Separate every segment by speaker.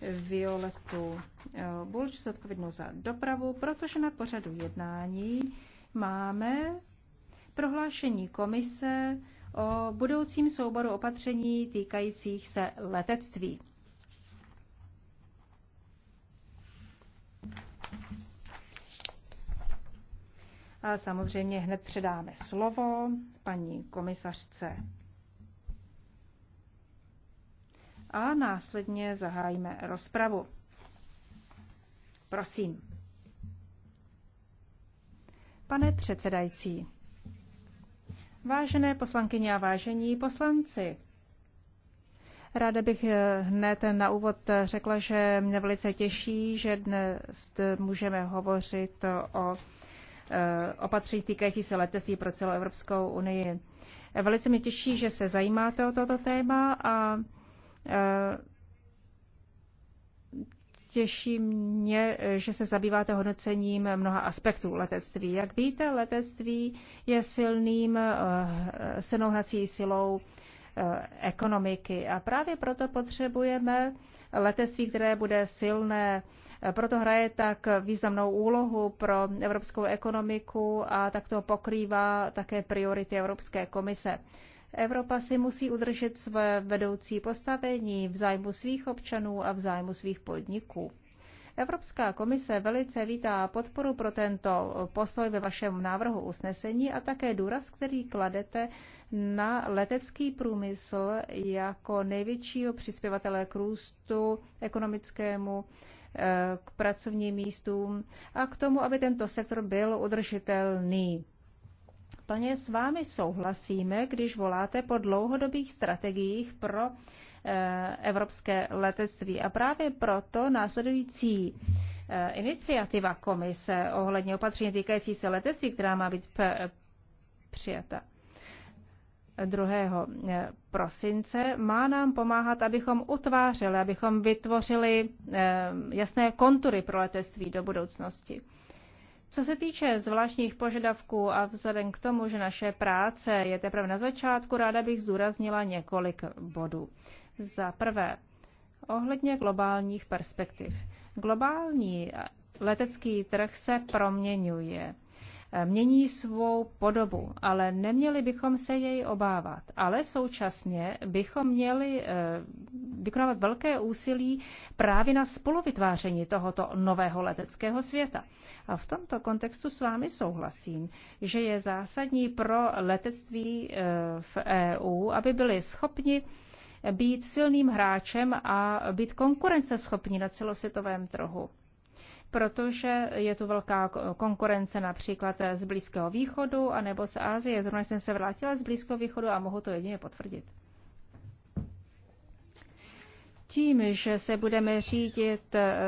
Speaker 1: Violetu eh, Bulč, odpovědnou za dopravu, protože na pořadu jednání máme prohlášení komise o budoucím souboru opatření týkajících se letectví. A samozřejmě hned předáme slovo paní komisařce a následně zahájíme rozpravu. Prosím. Pane předsedající, vážené poslankyně a vážení poslanci, Ráda bych eh, hned na úvod řekla, že mě velice těší, že dnes můžeme hovořit o eh, opatření týkající se letectví pro celou Evropskou unii. Velice mě těší, že se zajímáte o toto téma a Eh, těší mě, že se zabýváte hodnocením mnoha aspektů letectví. Jak víte, letectví je silným eh, senouhací silou eh, ekonomiky a právě proto potřebujeme letectví, které bude silné. Proto hraje tak významnou úlohu pro evropskou ekonomiku a tak to pokrývá také priority Evropské komise. Evropa si musí udržet své vedoucí postavení v zájmu svých občanů a v zájmu svých podniků. Evropská komise velice vítá podporu pro tento posoj ve vašem návrhu usnesení a také důraz, který kladete na letecký průmysl jako největšího přispěvatele k růstu ekonomickému, eh, k pracovním místům a k tomu, aby tento sektor byl udržitelný plně s vámi souhlasíme, když voláte po dlouhodobých strategiích pro eh, evropské letectví. A právě proto následující eh, iniciativa komise ohledně opatření týkající se letectví, která má být eh, přijata 2. prosince, má nám pomáhat, abychom utvářeli, abychom vytvořili jasné kontury pro letectví do budoucnosti. Co se týče zvláštních požadavků a vzhledem k tomu, že naše práce je teprve na začátku, ráda bych zdůraznila několik bodů. Za prvé, ohledně globálních perspektiv. Globální letecký trh se proměňuje. Eh, mění svou podobu, ale neměli bychom se jej obávat. Ale současně bychom měli eh, vykonávat velké úsilí právě na spoluvytváření tohoto nového leteckého světa. A v tomto kontextu s vámi souhlasím, že je zásadní pro letectví eh, v EU, aby byli schopni být silným hráčem a být konkurenceschopní na celosvětovém trhu protože je tu velká konkurence například z Blízkého východu anebo z Asie. Zrovna jsem se vrátila z Blízkého východu a mohu to jedině potvrdit. Tím, že se budeme řídit eh,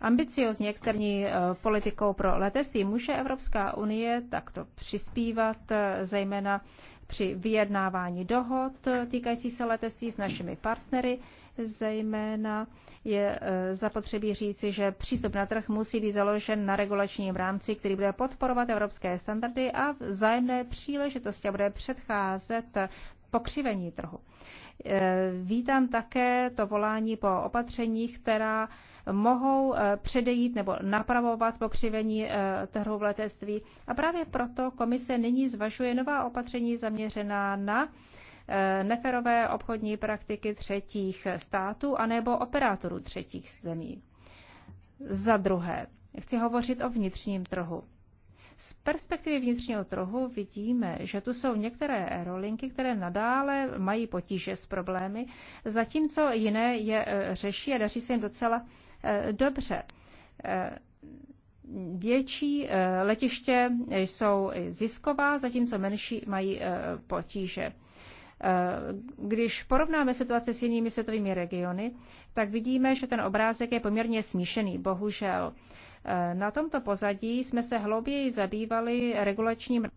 Speaker 1: ambiciozně externí eh, politikou pro letectví, může Evropská unie takto přispívat eh, zejména při vyjednávání dohod týkající se letectví s našimi partnery, Zejména je e, zapotřebí říci, že přístup na trh musí být založen na regulačním rámci, který bude podporovat evropské standardy a vzájemné příležitosti a bude předcházet pokřivení trhu. E, vítám také to volání po opatřeních, která mohou e, předejít nebo napravovat pokřivení trhu v letectví. A právě proto komise nyní zvažuje nová opatření zaměřená na Eh, neferové obchodní praktiky třetích států anebo operátorů třetích zemí. Za druhé, chci hovořit o vnitřním trhu. Z perspektivy vnitřního trhu vidíme, že tu jsou některé aerolinky, které nadále mají potíže s problémy, zatímco jiné je eh, řeší a daří se jim docela eh, dobře. Větší letiště jsou zisková, zatímco menší mají potíže. Eh, když porovnáme situaci s jinými světovými regiony, tak vidíme, že ten obrázek je poměrně smíšený, bohužel. Eh, na tomto pozadí jsme se hlouběji zabývali regulačním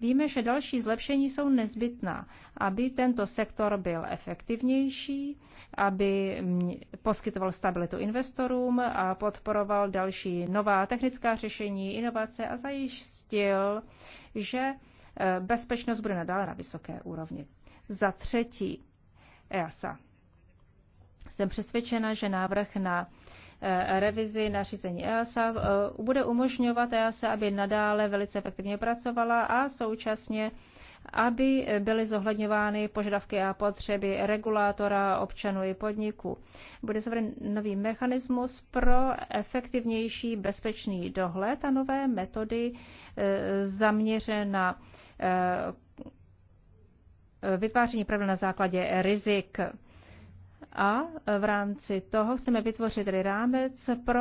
Speaker 1: Víme, že další zlepšení jsou nezbytná, aby tento sektor byl efektivnější, aby poskytoval stabilitu investorům a podporoval další nová technická řešení, inovace a zajistil, že eh, bezpečnost bude nadále na vysoké úrovni. Za třetí, EASA. Jsem přesvědčena, že návrh na e, revizi nařízení EASA e, bude umožňovat EASA, aby nadále velice efektivně pracovala a současně aby byly zohledňovány požadavky a potřeby regulátora, občanů i podniků. Bude zavřen nový mechanismus pro efektivnější bezpečný dohled a nové metody e, zaměřené na vytváření pravidel na základě rizik. A v rámci toho chceme vytvořit tedy rámec pro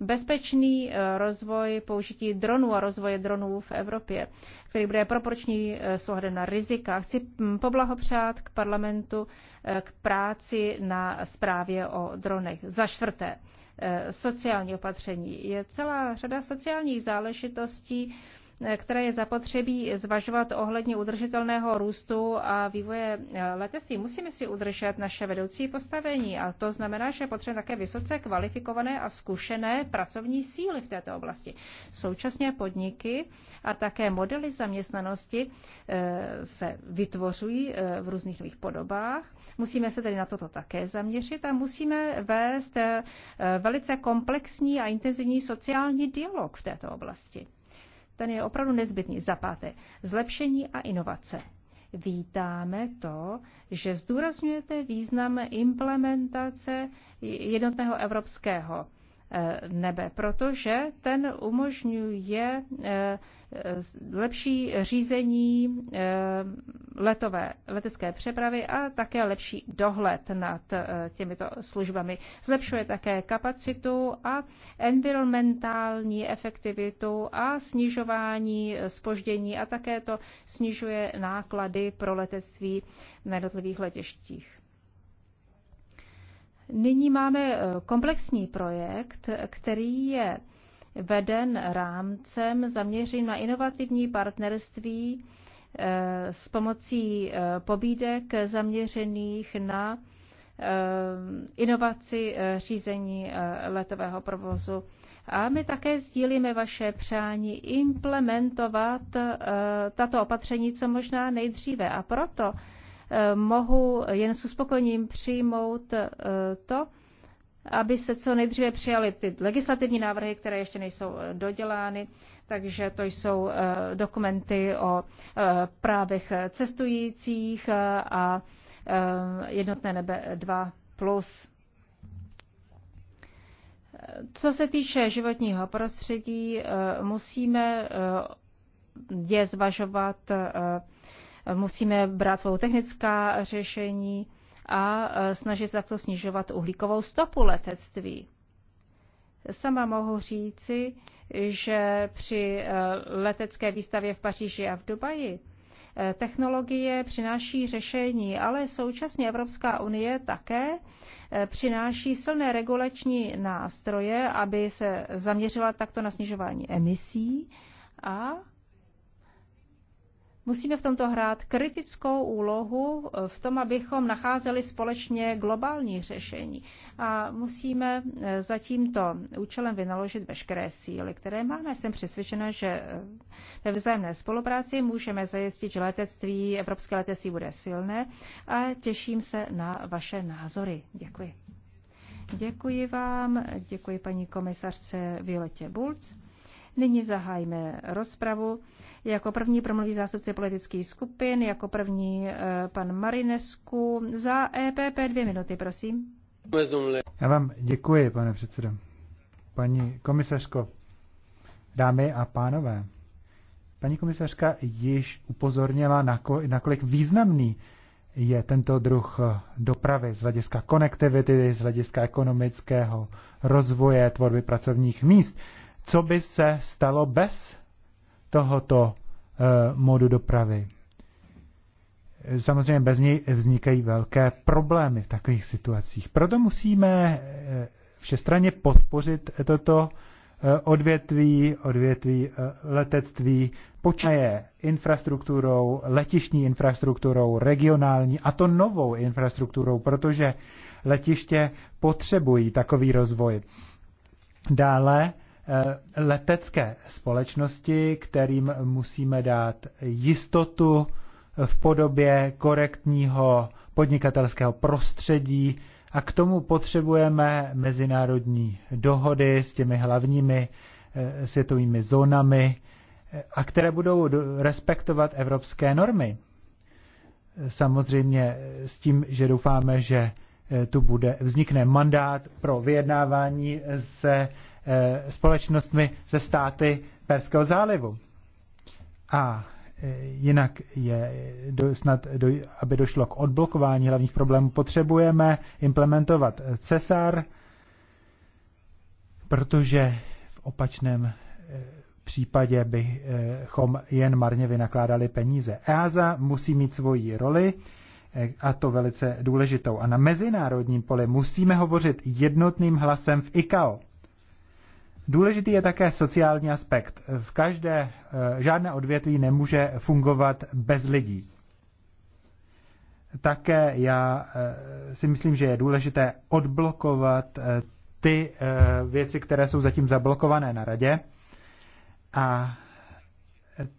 Speaker 1: bezpečný eh, rozvoj použití dronů a rozvoje dronů v Evropě, který bude proporční eh, s ohledem na rizika. Chci mm, poblahopřát k parlamentu eh, k práci na zprávě o dronech. Za čtvrté, sociální opatření. Je celá řada sociálních záležitostí, které je zapotřebí zvažovat ohledně udržitelného růstu a vývoje eh, letectví. Musíme si udržet naše vedoucí postavení a to znamená, že potřebujeme také vysoce kvalifikované a zkušené pracovní síly v této oblasti. Současně podniky a také modely zaměstnanosti eh, se vytvořují eh, v různých nových podobách. Musíme se tedy na toto také zaměřit a musíme vést velice komplexní a intenzivní sociální dialog v této oblasti ten je opravdu nezbytný. Za páté, zlepšení a inovace. Vítáme to, že zdůrazňujete význam implementace jednotného evropského nebe, protože ten umožňuje eh, eh, lepší řízení eh, letové, letecké přepravy a také lepší dohled nad těmito službami. Zlepšuje také kapacitu a environmentální efektivitu a snižování spoždění a také to snižuje náklady pro letectví na jednotlivých letištích. Nyní máme eh, komplexní projekt, který je veden rámcem zaměřeným na inovativní partnerství eh, s pomocí eh, pobídek zaměřených na inovaci řízení letového provozu. A my také sdílíme vaše přání implementovat tato opatření co možná nejdříve. A proto Eh, mohu jen s uspokojením přijmout eh, to, aby se co nejdříve přijaly ty legislativní návrhy, které ještě nejsou eh, dodělány. Takže to jsou dokumenty o právech cestujících a jednotné nebe 2. Co se týče životního prostředí, musíme je zvažovat Musíme brát svou technická řešení a e, snažit se takto snižovat uhlíkovou stopu letectví. Sama mohu říci, že při e, letecké výstavě v Paříži a v Dubaji e, technologie přináší řešení, ale současně Evropská unie také přináší silné regulační nástroje, aby se zaměřila takto na snižování emisí a Musíme v tomto hrát kritickou úlohu eh, v tom, abychom nacházeli společně globální řešení. A musíme eh, za tímto účelem vynaložit veškeré síly, které máme. Jsem přesvědčena, že eh, ve vzájemné spolupráci můžeme zajistit, že letectví, evropské letectví bude silné a těším se na vaše názory. Děkuji. Děkuji vám, děkuji paní komisařce Violetě Bulc. Nyní zahájíme rozpravu. Jako první promluví zástupce politických skupin, jako první eh, pan Marinesku za EPP dvě minuty, prosím.
Speaker 2: Já vám děkuji, pane předsedo. Paní komisařko, dámy a pánové, paní komisařka již upozornila, nakolik významný je tento druh eh, dopravy z hlediska konektivity, z hlediska ekonomického rozvoje, tvorby pracovních míst co by se stalo bez tohoto eh, modu dopravy. Samozřejmě bez něj vznikají velké problémy v takových situacích. Proto musíme eh, všestranně podpořit toto eh, odvětví, odvětví letectví, počínaje infrastrukturou, letišní infrastrukturou, regionální a to novou infrastrukturou, protože letiště potřebují takový rozvoj. Dále Eh, letecké společnosti, kterým musíme dát jistotu v podobě korektního podnikatelského prostředí a k tomu potřebujeme mezinárodní dohody s těmi hlavními eh, světovými zónami, eh, a které budou respektovat evropské normy. Samozřejmě s tím, že doufáme, že tu bude, vznikne mandát pro vyjednávání se Eh, společnostmi ze státy Perského zálivu. A eh, jinak je do, snad, do, aby došlo k odblokování hlavních problémů, potřebujeme implementovat eh, CESAR, protože v opačném případě bychom jen marně vynakládali peníze. EASA musí mít svoji roli a to velice důležitou. A na mezinárodním poli musíme hovořit jednotným hlasem v ICAO. Důležitý je také sociální aspekt. V každé, eh, žádné odvětví nemůže fungovat bez lidí. Také já eh, si myslím, že je důležité odblokovat eh, ty věci, které jsou zatím zablokované na radě. A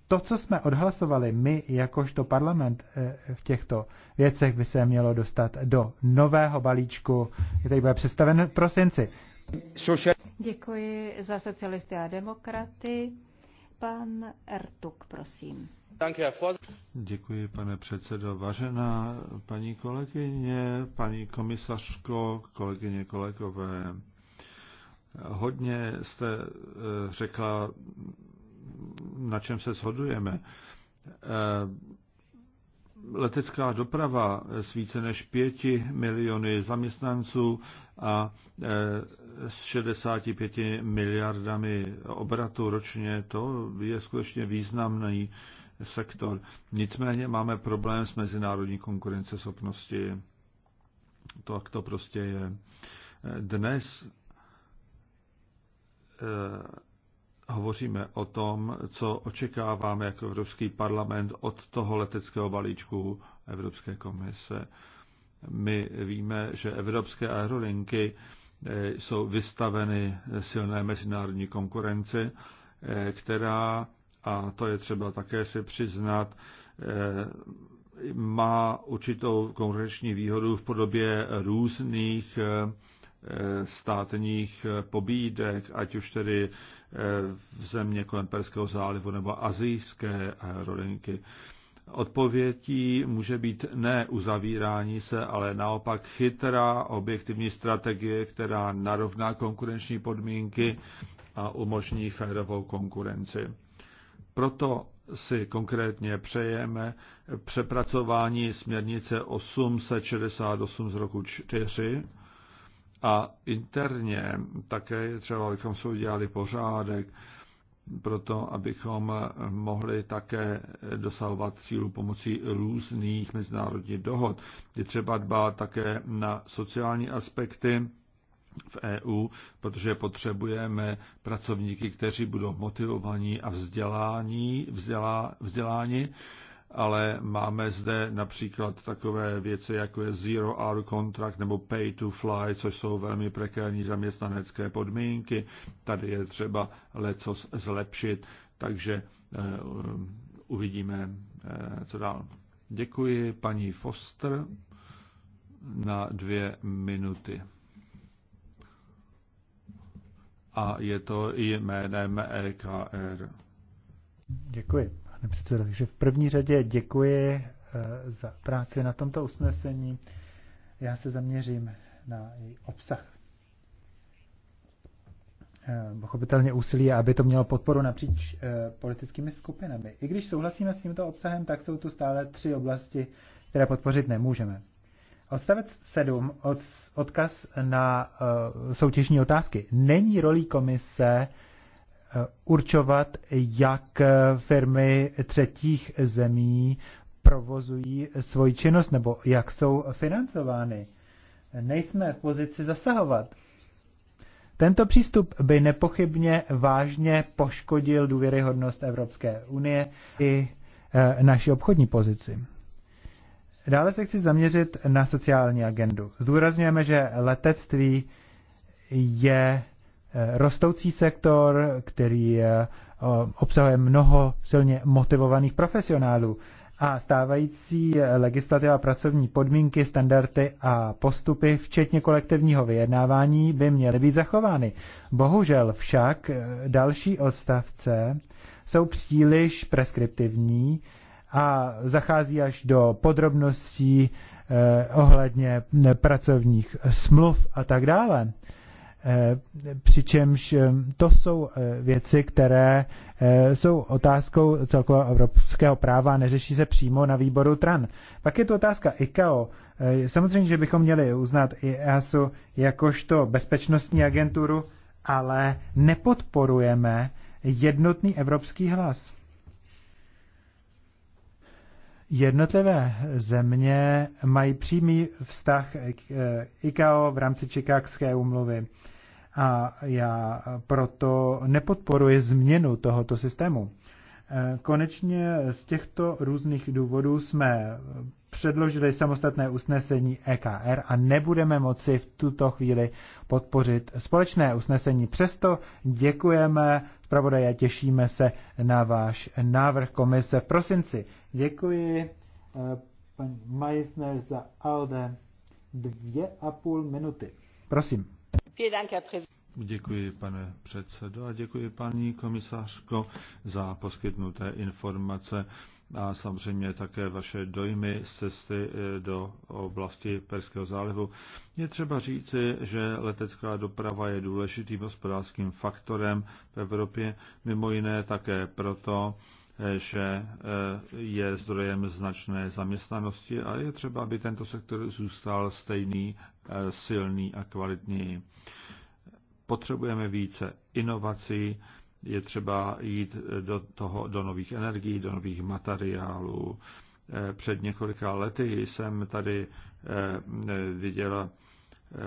Speaker 2: to, co jsme odhlasovali my jakožto parlament v těchto věcech, by se mělo dostat do nového balíčku, který bude představen v prosinci.
Speaker 1: Děkuji za socialisty a demokraty. Pan Ertuk, prosím.
Speaker 3: Děkuji, pane předsedo. Vážená paní kolegyně, paní komisařko, kolegyně, kolegové, hodně jste eh, řekla, na čem se shodujeme. Eh, letecká doprava s více než pěti miliony zaměstnanců a eh, s 65 miliardami obratu ročně, to je skutečně významný sektor. Nicméně máme problém s mezinárodní konkurenceschopností. To, jak to prostě je. Dnes eh, hovoříme o tom, co očekáváme jako Evropský parlament od toho leteckého balíčku Evropské komise. My víme, že evropské aerolinky Eh, jsou vystaveny silné mezinárodní konkurenci, eh, která, a to je třeba také si přiznat, eh, má určitou konkurenční výhodu v podobě různých státních pobídek, ať už tedy v země kolem Perského zálivu nebo azijské aerolinky. Odpovědí může být ne uzavírání se, ale naopak chytrá objektivní strategie, která narovná konkurenční podmínky a umožní férovou konkurenci. Proto si konkrétně přejeme přepracování směrnice 868 z roku 4 a interně také třeba, abychom si udělali pořádek, proto, abychom mohli také dosahovat cílů pomocí různých mezinárodních dohod. Je třeba dbát také na sociální aspekty v EU, protože potřebujeme pracovníky, kteří budou motivovaní a vzdělání, vzdělá, vzdělání ale máme zde například takové věci, jako je zero hour contract nebo pay to fly, což jsou velmi prekérní zaměstnanecké podmínky. Tady je třeba leco zlepšit, takže eh, uvidíme, eh, co dál. Děkuji paní Foster na dvě minuty. A je to i jménem EKR.
Speaker 2: Děkuji pane předsedo. Takže v první řadě děkuji eh, za práci na tomto usnesení. Já se zaměřím na její obsah. Eh, pochopitelně úsilí, aby to mělo podporu napříč eh, politickými skupinami. I když souhlasíme s tímto obsahem, tak jsou tu stále tři oblasti, které podpořit nemůžeme. Odstavec 7, od, odkaz na uh, soutěžní otázky. Není rolí komise uh, Eh, určovat, jak eh, firmy třetích zemí provozují svoji činnost nebo jak jsou financovány. Nejsme v pozici zasahovat. Tento přístup by nepochybně vážně poškodil důvěryhodnost Evropské unie i eh, naši obchodní pozici. Dále se chci zaměřit na sociální agendu. Zdůrazňujeme, že letectví je Eh, rostoucí sektor, který eh, obsahuje mnoho silně motivovaných profesionálů. A stávající eh, legislativa pracovní podmínky, standardy a postupy, včetně kolektivního vyjednávání, by měly být zachovány. Bohužel však další odstavce jsou příliš preskriptivní a zachází až do podrobností eh, ohledně pracovních smluv a tak dále. Eh, Eh, přičemž eh, to jsou eh, věci, které jsou otázkou celkového evropského práva a neřeší se přímo na výboru TRAN. Pak je to otázka ICAO. Samozřejmě, že bychom měli uznat IASu jakožto bezpečnostní agenturu, ale nepodporujeme jednotný evropský hlas. Jednotlivé země mají přímý vztah k eh, ICAO v rámci Čikákské úmluvy a já proto nepodporuji změnu tohoto systému. Eh, konečně z těchto různých důvodů jsme předložili samostatné usnesení EKR a nebudeme moci v tuto chvíli podpořit společné usnesení. Přesto děkujeme zpravodaje těšíme se na váš návrh komise v prosinci.
Speaker 4: Děkuji
Speaker 2: eh, paní Meissner za ALDE. Dvě a půl minuty. Prosím.
Speaker 3: Děkuji, pane předsedo, a děkuji, paní komisářko, za poskytnuté informace a samozřejmě také vaše dojmy z cesty eh, do oblasti Perského zálivu. Je třeba říci, že letecká doprava je důležitým hospodářským faktorem v Evropě, mimo jiné také proto, eh, že eh, je zdrojem značné zaměstnanosti a je třeba, aby tento sektor zůstal stejný, silný a kvalitní. Potřebujeme více inovací, je třeba jít do, toho, do nových energií, do nových materiálů. Eh, před několika lety jsem tady eh, viděla eh,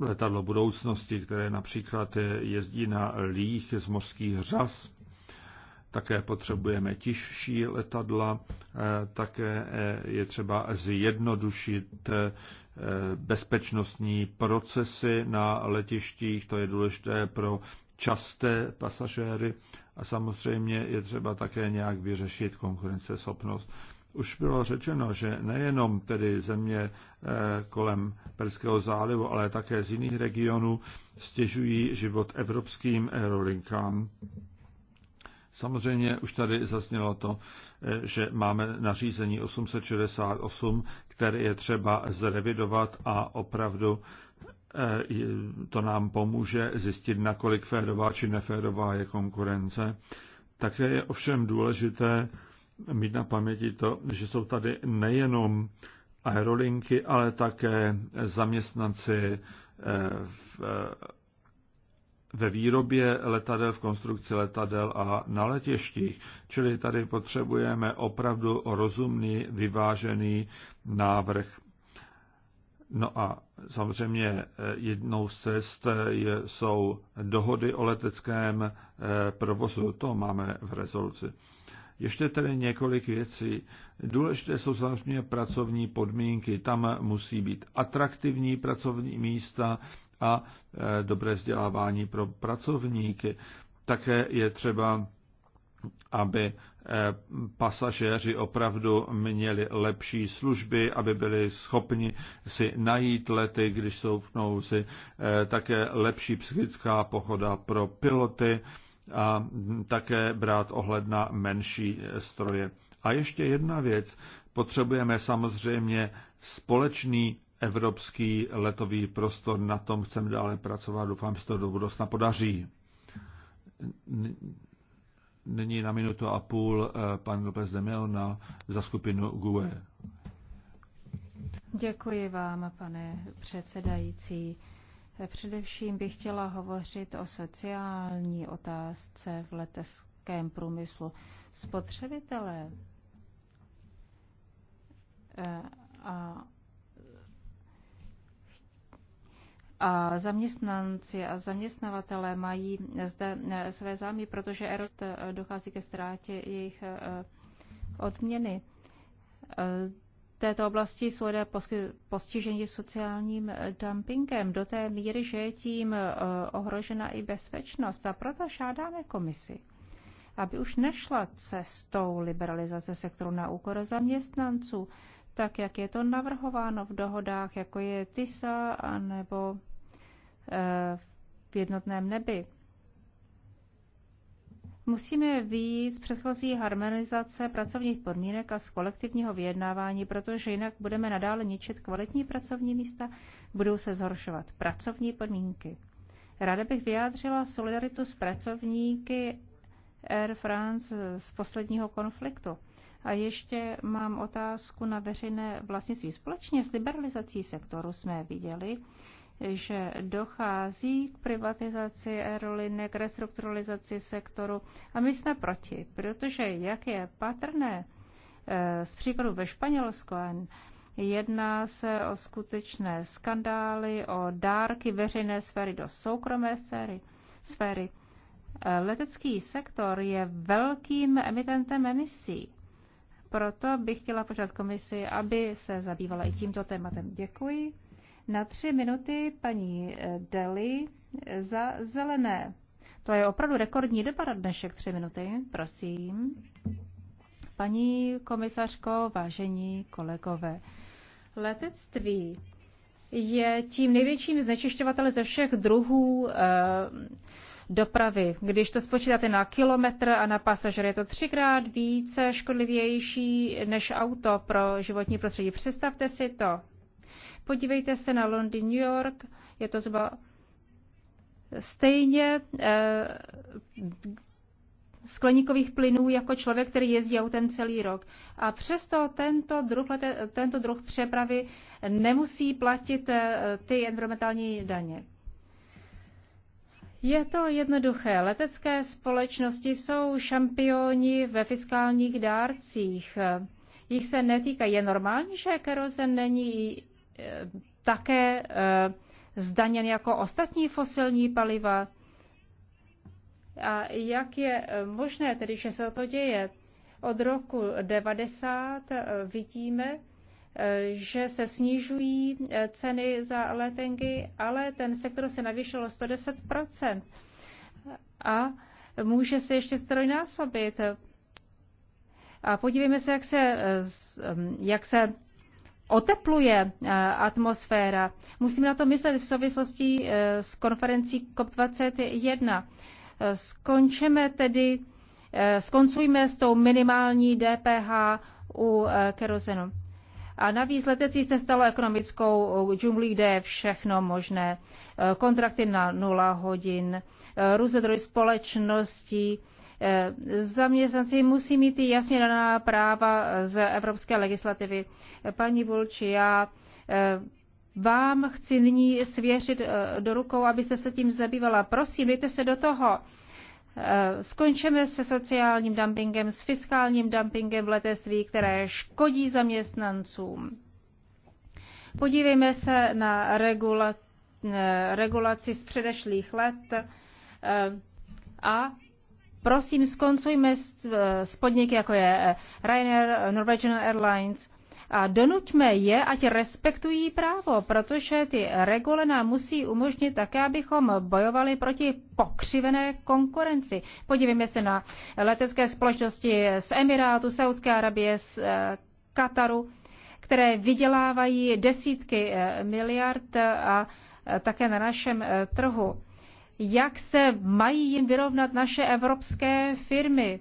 Speaker 3: letadlo budoucnosti, které například jezdí na líh z mořských řas. Také potřebujeme tižší letadla, také je třeba zjednodušit bezpečnostní procesy na letištích. To je důležité pro časté pasažéry a samozřejmě je třeba také nějak vyřešit konkurenceschopnost. Už bylo řečeno, že nejenom tedy země eh, kolem Perského zálivu, ale také z jiných regionů stěžují život evropským aerolinkám. Samozřejmě už tady zaznělo to, eh, že máme nařízení 868, které je třeba zrevidovat a opravdu Eh, to nám pomůže zjistit, nakolik férová či neférová je konkurence. Také je ovšem důležité mít na paměti to, že jsou tady nejenom aerolinky, ale také zaměstnanci eh, v, eh, ve výrobě letadel, v konstrukci letadel a na letištích. Čili tady potřebujeme opravdu rozumný, vyvážený návrh No a samozřejmě eh, jednou z cest eh, jsou dohody o leteckém eh, provozu. To máme v rezoluci. Ještě tedy několik věcí. Důležité jsou samozřejmě pracovní podmínky. Tam musí být atraktivní pracovní místa a dobré vzdělávání pro pracovníky. Také je třeba aby eh, pasažéři opravdu měli lepší služby, aby byli schopni si najít lety, když jsou v nouzi, eh, také lepší psychická pochoda pro piloty a také brát ohled na menší eh, stroje. A ještě jedna věc. Potřebujeme samozřejmě společný evropský letový prostor. Na tom chceme dále pracovat. Doufám, že se to do budoucna podaří. Nyní na minutu a půl eh, pan López de na za skupinu GUE.
Speaker 1: Děkuji vám, pane předsedající. Především bych chtěla hovořit o sociální otázce v leteckém průmyslu. Spotřebitelé eh, a A zaměstnanci a zaměstnavatelé mají zde eh, své zájmy, protože erost eh, dochází ke ztrátě jejich eh, odměny. V této oblasti jsou lidé postiženi sociálním dumpingem do té míry, že je tím ohrožena i bezpečnost. A proto žádáme komisi, aby už nešla cestou liberalizace sektoru na úkor zaměstnanců, tak jak je to navrhováno v dohodách, jako je TISA nebo eh, v jednotném nebi. Musíme víc z předchozí harmonizace pracovních podmínek a z kolektivního vyjednávání, protože jinak budeme nadále ničit kvalitní pracovní místa, budou se zhoršovat pracovní podmínky. Ráda bych vyjádřila solidaritu s pracovníky Air France z posledního konfliktu. A ještě mám otázku na veřejné vlastnictví. Společně s liberalizací sektoru jsme viděli, že dochází k privatizaci aerolinek, restrukturalizaci sektoru a my jsme proti, protože jak je patrné eh, z příkladu ve Španělsku, jedná se o skutečné skandály, o dárky veřejné sféry do soukromé sféry. sféry. Eh, letecký sektor je velkým emitentem emisí proto bych chtěla požádat komisi, aby se zabývala i tímto tématem. Děkuji. Na tři minuty paní eh, Deli eh, za zelené. To je opravdu rekordní debata dnešek, tři minuty, prosím. Paní komisařko, vážení kolegové, letectví je tím největším znečišťovatelem ze všech druhů eh, dopravy. Když to spočítáte na kilometr a na pasažer, je to třikrát více škodlivější než auto pro životní prostředí. Představte si to. Podívejte se na Londýn, New York, je to zhruba stejně eh, skleníkových plynů jako člověk, který jezdí autem celý rok. A přesto tento druh, tento druh přepravy nemusí platit eh, ty environmentální daně. Je to jednoduché. Letecké společnosti jsou šampioni ve fiskálních dárcích. Jich se netýká. Je normální, že kerozen není eh, také eh, zdaněn jako ostatní fosilní paliva? A jak je eh, možné tedy, že se to děje? Od roku 90 vidíme, že se snižují eh, ceny za letenky, ale ten sektor se navýšil o 110 a může se ještě strojnásobit. A podívejme se, jak se, eh, jak se otepluje eh, atmosféra. Musíme na to myslet v souvislosti s konferencí COP21. Skončeme tedy, skoncujme s tou minimální DPH u kerozenu. A navíc letecí se stalo ekonomickou džunglí, kde je všechno možné. Eh, kontrakty na nula hodin, eh, různé druhy společnosti, eh, zaměstnanci musí mít jasně daná práva z evropské legislativy. Paní Bulči, já vám chci nyní svěřit do rukou, abyste se tím zabývala. Prosím, dejte se do toho. Eh, Skončeme se sociálním dumpingem, s fiskálním dumpingem v letectví, které škodí zaměstnancům. Podívejme se na regula, eh, regulaci z předešlých let eh, a prosím, skoncujme s, podniky, jako je Ryanair, Norwegian Airlines, a donuťme je, ať respektují právo, protože ty regule nám musí umožnit také, abychom bojovali proti pokřivené konkurenci. Podívejme se na letecké společnosti z Emirátu, Saudské Arabie, z eh, Kataru, které vydělávají desítky eh, miliard eh, a také na našem trhu. Jak se mají jim vyrovnat naše evropské firmy?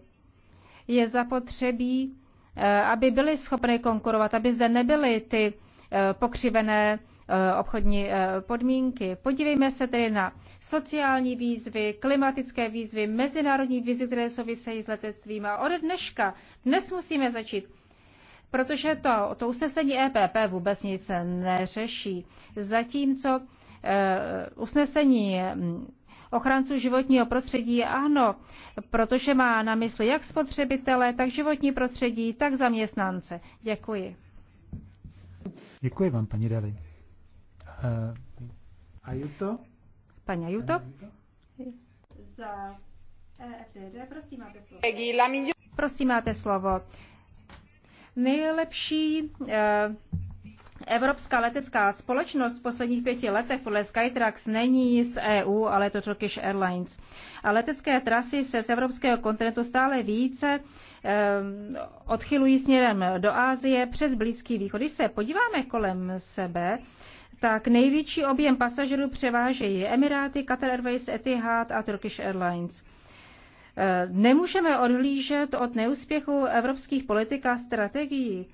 Speaker 1: Je zapotřebí Eh, aby byly schopny konkurovat, aby zde nebyly ty eh, pokřivené eh, obchodní podmínky. Podívejme se tedy na sociální výzvy, klimatické výzvy, mezinárodní výzvy, které souvisejí s letectvím. A od dneška, dnes musíme začít, protože to, to usnesení EPP vůbec nic neřeší. Zatímco usnesení ochranců životního prostředí ano, protože má na mysli jak spotřebitele, tak životní prostředí, tak zaměstnance. Děkuji.
Speaker 2: Děkuji vám, paní Dali. Uh,
Speaker 1: Ajuto? Paní Ajuto? Za EFDD, prosím, máte slovo. Prosím, máte slovo. Nejlepší uh, Evropská letecká společnost v posledních pěti letech podle Skytrax není z EU, ale to Turkish Airlines. A letecké trasy se z evropského kontinentu stále více eh, odchylují směrem do Ázie přes Blízký východ. Když se podíváme kolem sebe, tak největší objem pasažerů převážejí Emiráty, Qatar Airways, Etihad a Turkish Airlines. Eh, nemůžeme odhlížet od neúspěchu evropských politik a strategií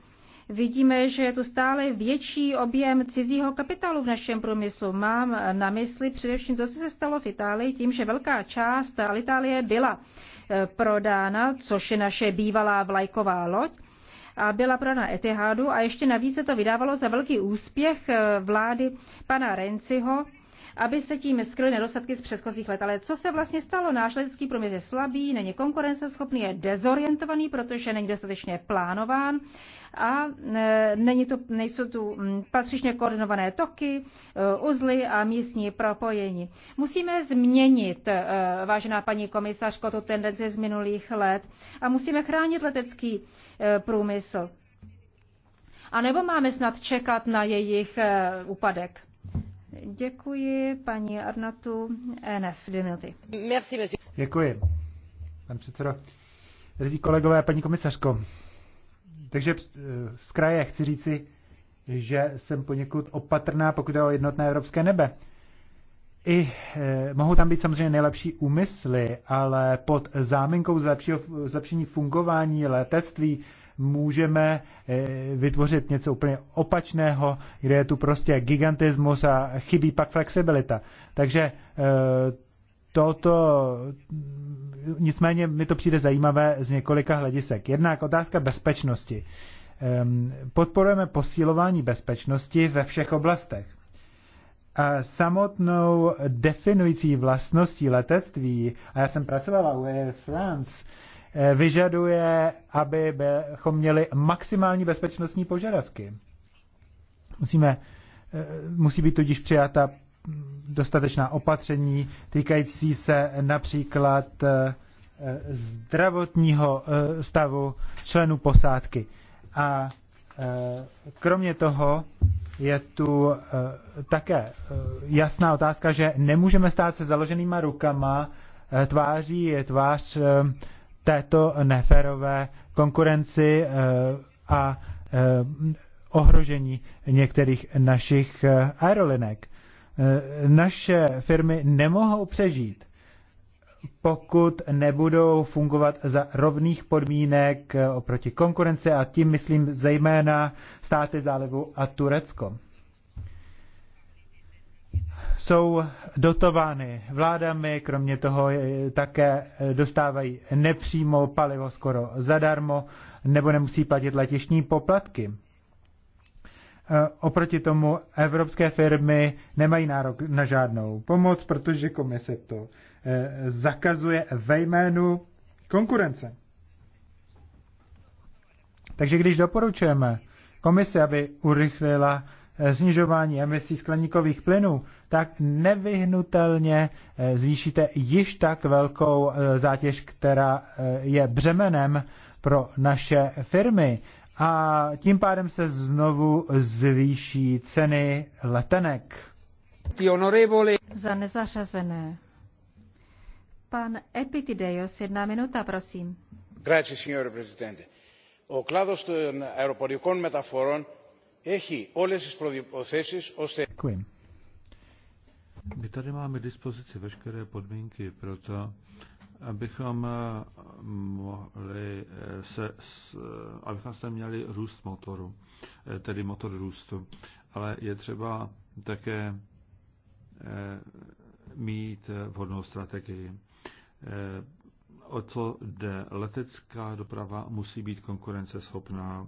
Speaker 1: vidíme, že je tu stále větší objem cizího kapitálu v našem průmyslu. Mám na mysli především to, co se stalo v Itálii, tím, že velká část Itálie byla eh, prodána, což je naše bývalá vlajková loď, a byla prodána Etihadu a ještě navíc se to vydávalo za velký úspěch eh, vlády pana Renciho, aby se tím skryly nedostatky z předchozích let. Ale co se vlastně stalo? Náš letecký průmysl je slabý, není konkurenceschopný, je dezorientovaný, protože není dostatečně plánován a e, není tu, nejsou tu mm, patřičně koordinované toky, e, uzly a místní propojení. Musíme změnit, e, vážená paní komisařko, tu tendenci z minulých let a musíme chránit letecký průmysl. A nebo máme snad čekat na jejich úpadek? Děkuji paní Arnatu NF. Dvě minuty.
Speaker 2: Děkuji, pan předsedo. Drzí kolegové, paní komisařko, takže eh, z kraje chci říci, že jsem poněkud opatrná, pokud je o jednotné evropské nebe. I eh, mohou tam být samozřejmě nejlepší úmysly, ale pod záminkou zlepšího, zlepšení fungování letectví můžeme eh, vytvořit něco úplně opačného, kde je tu prostě gigantismus a chybí pak flexibilita. Takže eh, toto, nicméně mi to přijde zajímavé z několika hledisek. Jednak otázka bezpečnosti. Ehm, podporujeme posílování bezpečnosti ve všech oblastech. A samotnou definující vlastností letectví, a já jsem pracovala u Air France, Eh, vyžaduje, abychom měli maximální bezpečnostní požadavky. Musíme, eh, musí být tudíž přijata dostatečná opatření týkající se například eh, zdravotního stavu členů posádky. A kromě toho je tu také jasná otázka, že nemůžeme stát se založenýma rukama tváří je tvář této neférové konkurenci eh, a eh, ohrožení některých našich eh, aerolinek. Naše firmy nemohou přežít, pokud nebudou fungovat za rovných podmínek oproti konkurenci a tím myslím zejména státy zálivu a Turecko jsou dotovány vládami, kromě toho také dostávají nepřímo palivo skoro zadarmo, nebo nemusí platit letišní poplatky. E, oproti tomu evropské firmy nemají nárok na žádnou pomoc, protože komise to e, zakazuje ve jménu konkurence. Takže když doporučujeme komisi, aby urychlila Eh, snižování emisí skleníkových plynů, tak nevyhnutelně eh, zvýšíte již tak velkou eh, zátěž, která je břemenem pro naše firmy. A tím pádem se znovu zvýší ceny letenek.
Speaker 1: Za nezařazené. Pan Epitideos, jedna minuta, prosím.
Speaker 5: Grazie, signore Presidente. O klado των metaforon
Speaker 3: my tady máme dispozici veškeré podmínky pro to, abychom eh, mohli eh, se, eh, abychom se měli růst motoru, tedy motor růstu. Ale je třeba také mít vhodnou strategii. O co jde? Letecká doprava musí být konkurenceschopná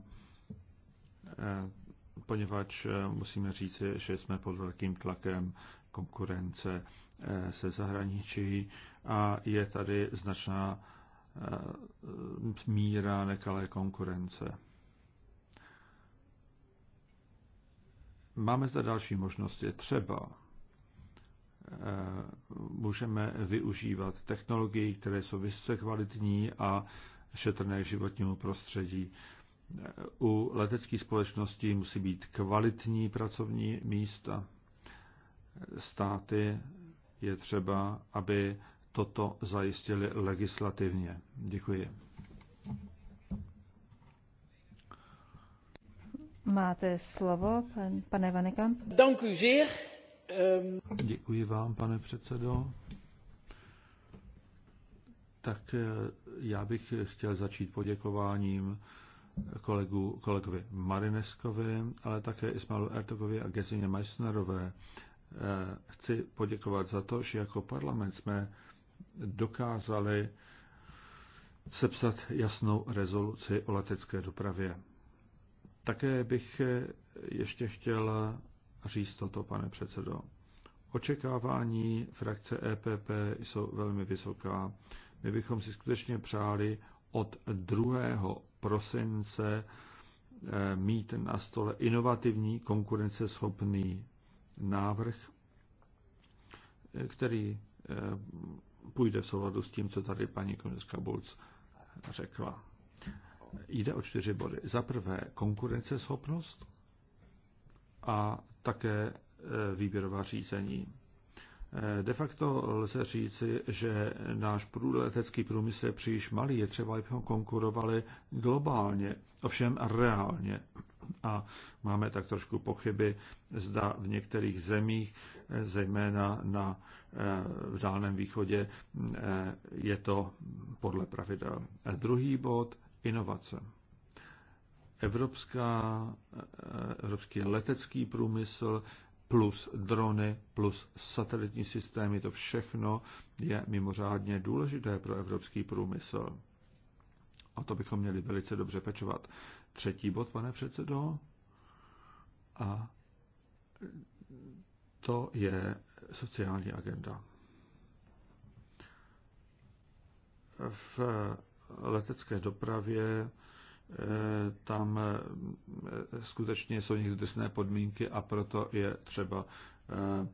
Speaker 3: poněvadž eh, musíme říct, že jsme pod velkým tlakem konkurence eh, se zahraničí a je tady značná eh, míra nekalé konkurence. Máme zde další možnosti. Třeba můžeme využívat technologie, které jsou vysoce kvalitní a šetrné k životnímu prostředí. U leteckých společností musí být kvalitní pracovní místa. Státy je třeba, aby toto zajistili legislativně. Děkuji.
Speaker 1: Máte slovo, pan, pane Vanekamp.
Speaker 4: Ehm,
Speaker 3: Děkuji vám, pane předsedo. Tak eh, já bych chtěl začít poděkováním kolegu, kolegovi Marineskovi, ale také Ismailu Ertogovi a Gezině Meissnerové. Eh, chci poděkovat za to, že jako parlament jsme dokázali sepsat jasnou rezoluci o letecké dopravě. Také bych eh, ještě chtěl říct toto, pane předsedo. Očekávání frakce EPP jsou velmi vysoká. My bychom si skutečně přáli od 2. prosince eh, mít na stole inovativní, konkurenceschopný návrh, eh, který eh, půjde v souladu s tím, co tady paní komiska Bulc řekla. Jde o čtyři body. Za prvé konkurenceschopnost a také výběrová řízení. De facto lze říci, že náš letecký průmysl je příliš malý, je třeba, abychom konkurovali globálně, ovšem reálně. A máme tak trošku pochyby, zda v některých zemích, zejména na, eh, v Dálném východě, eh, je to podle pravidel. A druhý bod, inovace. Evropská, eh, evropský letecký průmysl plus drony, plus satelitní systémy, to všechno je mimořádně důležité pro evropský průmysl. O to bychom měli velice dobře pečovat. Třetí bod, pane předsedo, a to je sociální agenda. V letecké dopravě Eh, tam eh, skutečně jsou někdy drsné podmínky a proto je třeba eh,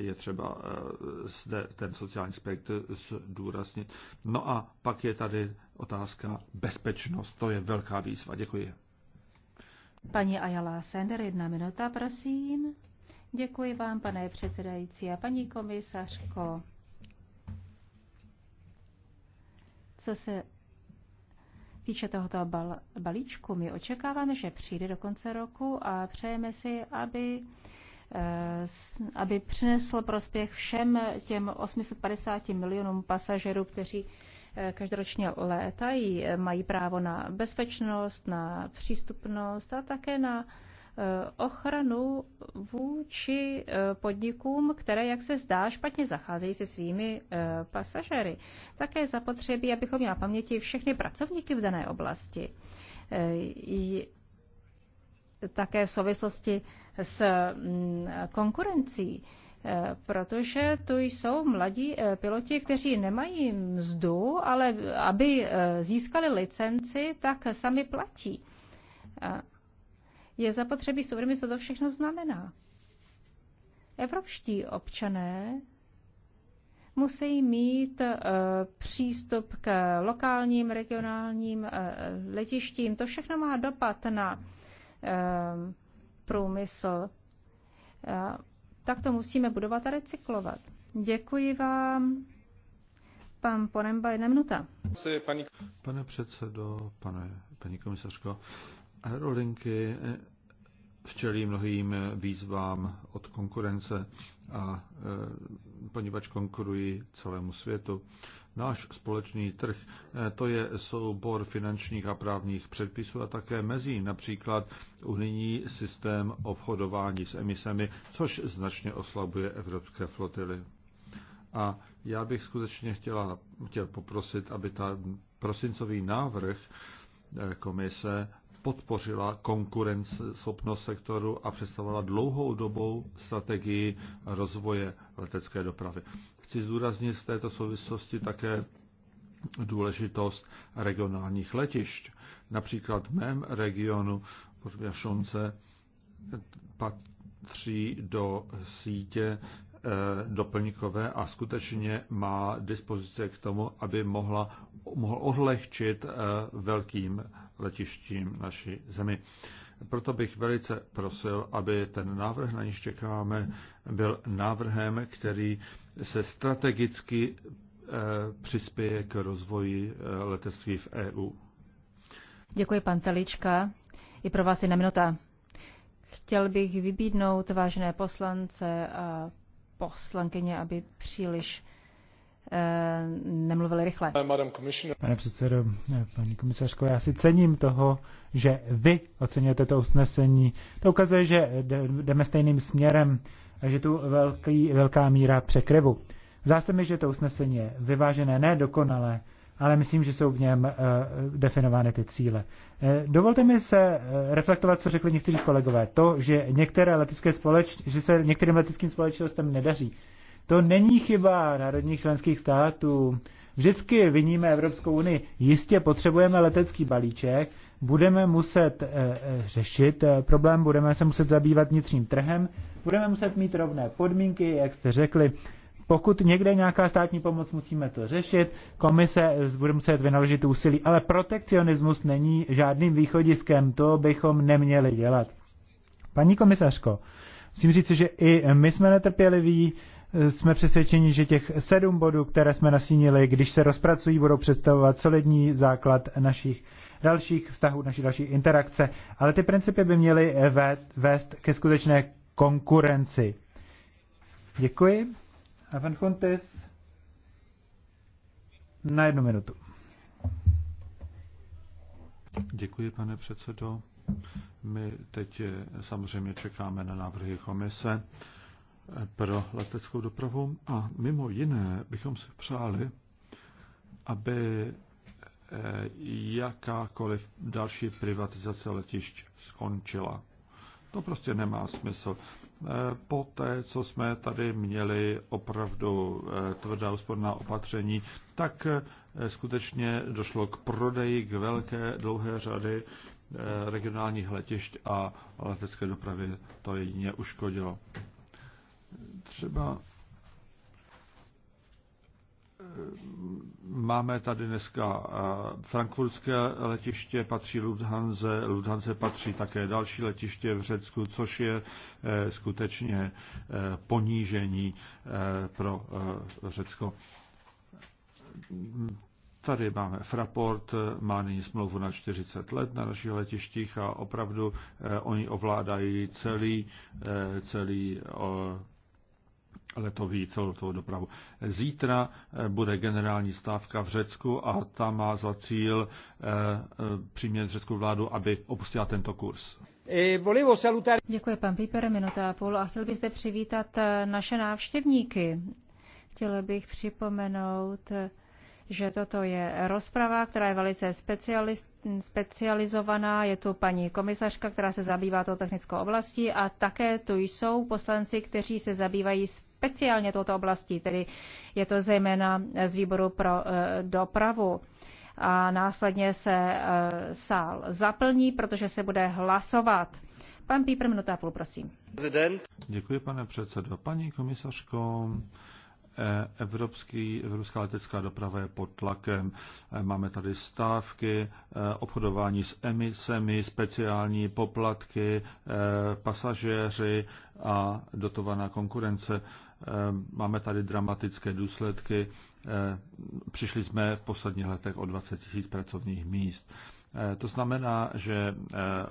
Speaker 3: je třeba zde ten sociální aspekt zdůraznit. No a pak je tady otázka bezpečnost. To je velká výzva. Děkuji.
Speaker 1: Paní Ajala Sender, jedna minuta, prosím. Děkuji vám, pane předsedající a paní komisařko. Co se týče tohoto bal- balíčku, my očekáváme, že přijde do konce roku a přejeme si, aby eh, aby přinesl prospěch všem těm 850 milionům pasažerů, kteří eh, každoročně létají, eh, mají právo na bezpečnost, na přístupnost a také na Eh, ochranu vůči eh, podnikům, které, jak se zdá, špatně zacházejí se svými eh, pasažery. Také zapotřebí, abychom měli na paměti všechny pracovníky v dané oblasti. Také v souvislosti s mm, konkurencí protože tu jsou mladí piloti, kteří nemají mzdu, ale aby získali licenci, tak sami platí je zapotřebí souvědomit, co to všechno znamená. Evropští občané musí mít eh, přístup k lokálním, regionálním eh, letištím. To všechno má dopad na eh, průmysl. Tak to musíme budovat a recyklovat. Děkuji vám. Pan Ponemba, jedna minuta.
Speaker 3: Pane předsedo, pane, paní komisařko, Aerolinky eh, včelí mnohým eh, výzvám od konkurence a eh, poněvadž konkurují celému světu. Náš společný trh to je soubor finančních a právních předpisů a také mezí například unijní systém obchodování s emisemi, což značně oslabuje evropské flotily. A já bych skutečně chtěla, chtěl poprosit, aby ta prosincový návrh komise podpořila konkurenceschopnost sektoru a představovala dlouhou dobou strategii rozvoje letecké dopravy. Chci zdůraznit z této souvislosti také důležitost regionálních letišť. Například v mém regionu Podvěšonce patří do sítě Eh, doplňkové a skutečně má dispozice k tomu, aby mohla, mohl odlehčit eh, velkým letištím naší zemi. Proto bych velice prosil, aby ten návrh, na něž čekáme, byl návrhem, který se strategicky eh, přispěje k rozvoji letectví v EU.
Speaker 1: Děkuji, pan Telička. I pro vás jedna minuta. Chtěl bych vybídnout vážné poslance a poslankyně, aby příliš eh, nemluvili rychle. Pane
Speaker 2: předsedo, paní komisařko, já si cením toho, že vy oceňujete to usnesení. To ukazuje, že jdeme stejným směrem a že tu velký, velká míra překryvu. Zdá se mi, že to usnesení je vyvážené, ne dokonalé, ale myslím, že jsou v něm eh, definovány ty cíle. Eh, dovolte mi se eh, reflektovat, co řekli někteří kolegové. To, že, některé letické společ... že se některým leteckým společnostem nedaří, to není chyba národních členských států. Vždycky vyníme Evropskou unii. Jistě potřebujeme letecký balíček, budeme muset řešit problém, budeme se muset zabývat vnitřním trhem, budeme muset mít rovné podmínky, jak jste řekli, pokud někde nějaká státní pomoc, musíme to řešit. Komise bude muset vynaložit úsilí, ale protekcionismus není žádným východiskem. To bychom neměli dělat. Paní komisařko, musím říct, že i my jsme netrpěliví, jsme přesvědčeni, že těch sedm bodů, které jsme nasínili, když se rozpracují, budou představovat solidní základ našich dalších vztahů, naší další interakce, ale ty principy by měly vést ke skutečné konkurenci. Děkuji. A pan Contes na jednu minutu.
Speaker 3: Děkuji, pane předsedo. My teď eh, samozřejmě čekáme na návrhy komise eh, pro leteckou dopravu a mimo jiné bychom si přáli, aby eh, jakákoliv další privatizace letišť skončila. To prostě nemá smysl. Eh, po té, co jsme tady měli opravdu eh, tvrdá úsporná opatření, tak eh, skutečně došlo k prodeji k velké dlouhé řady regionálních letišť a letecké dopravy to jedině uškodilo. Třeba Eh, máme tady dneska eh, frankfurtské letiště, patří Lufthansa, Lufthansa patří také další letiště v Řecku, což je eh, skutečně ponížení pro Řecko. Tady máme Fraport, má nyní smlouvu na 40 let na našich letištích a opravdu oni ovládají celý, celý letový celotou dopravu. Zítra eh, bude generální stávka v Řecku a ta má za cíl eh, eh, přimět řeckou vládu, aby opustila tento kurz.
Speaker 1: Děkuji, pan Piper, minuta a půl. A chtěl bych zde přivítat naše návštěvníky. Chtěl bych připomenout, že toto je rozprava, která je velice specializovaná. Je tu paní komisařka, která se zabývá tou technickou oblastí a také tu jsou poslanci, kteří se zabývají speciálně touto oblastí, tedy je to zejména z výboru pro eh, dopravu. A následně se eh, sál zaplní, protože se bude hlasovat. Pan Píper, minuta půl, prosím.
Speaker 3: Děkuji, pane předsedo. Paní komisařko, Evropský, evropská letecká doprava je pod tlakem. Máme tady stávky, eh, obchodování s emisemi, speciální poplatky, eh, pasažéři a dotovaná konkurence. Eh, máme tady dramatické důsledky. Přišli jsme v posledních letech o 20 tisíc pracovních míst. To znamená, že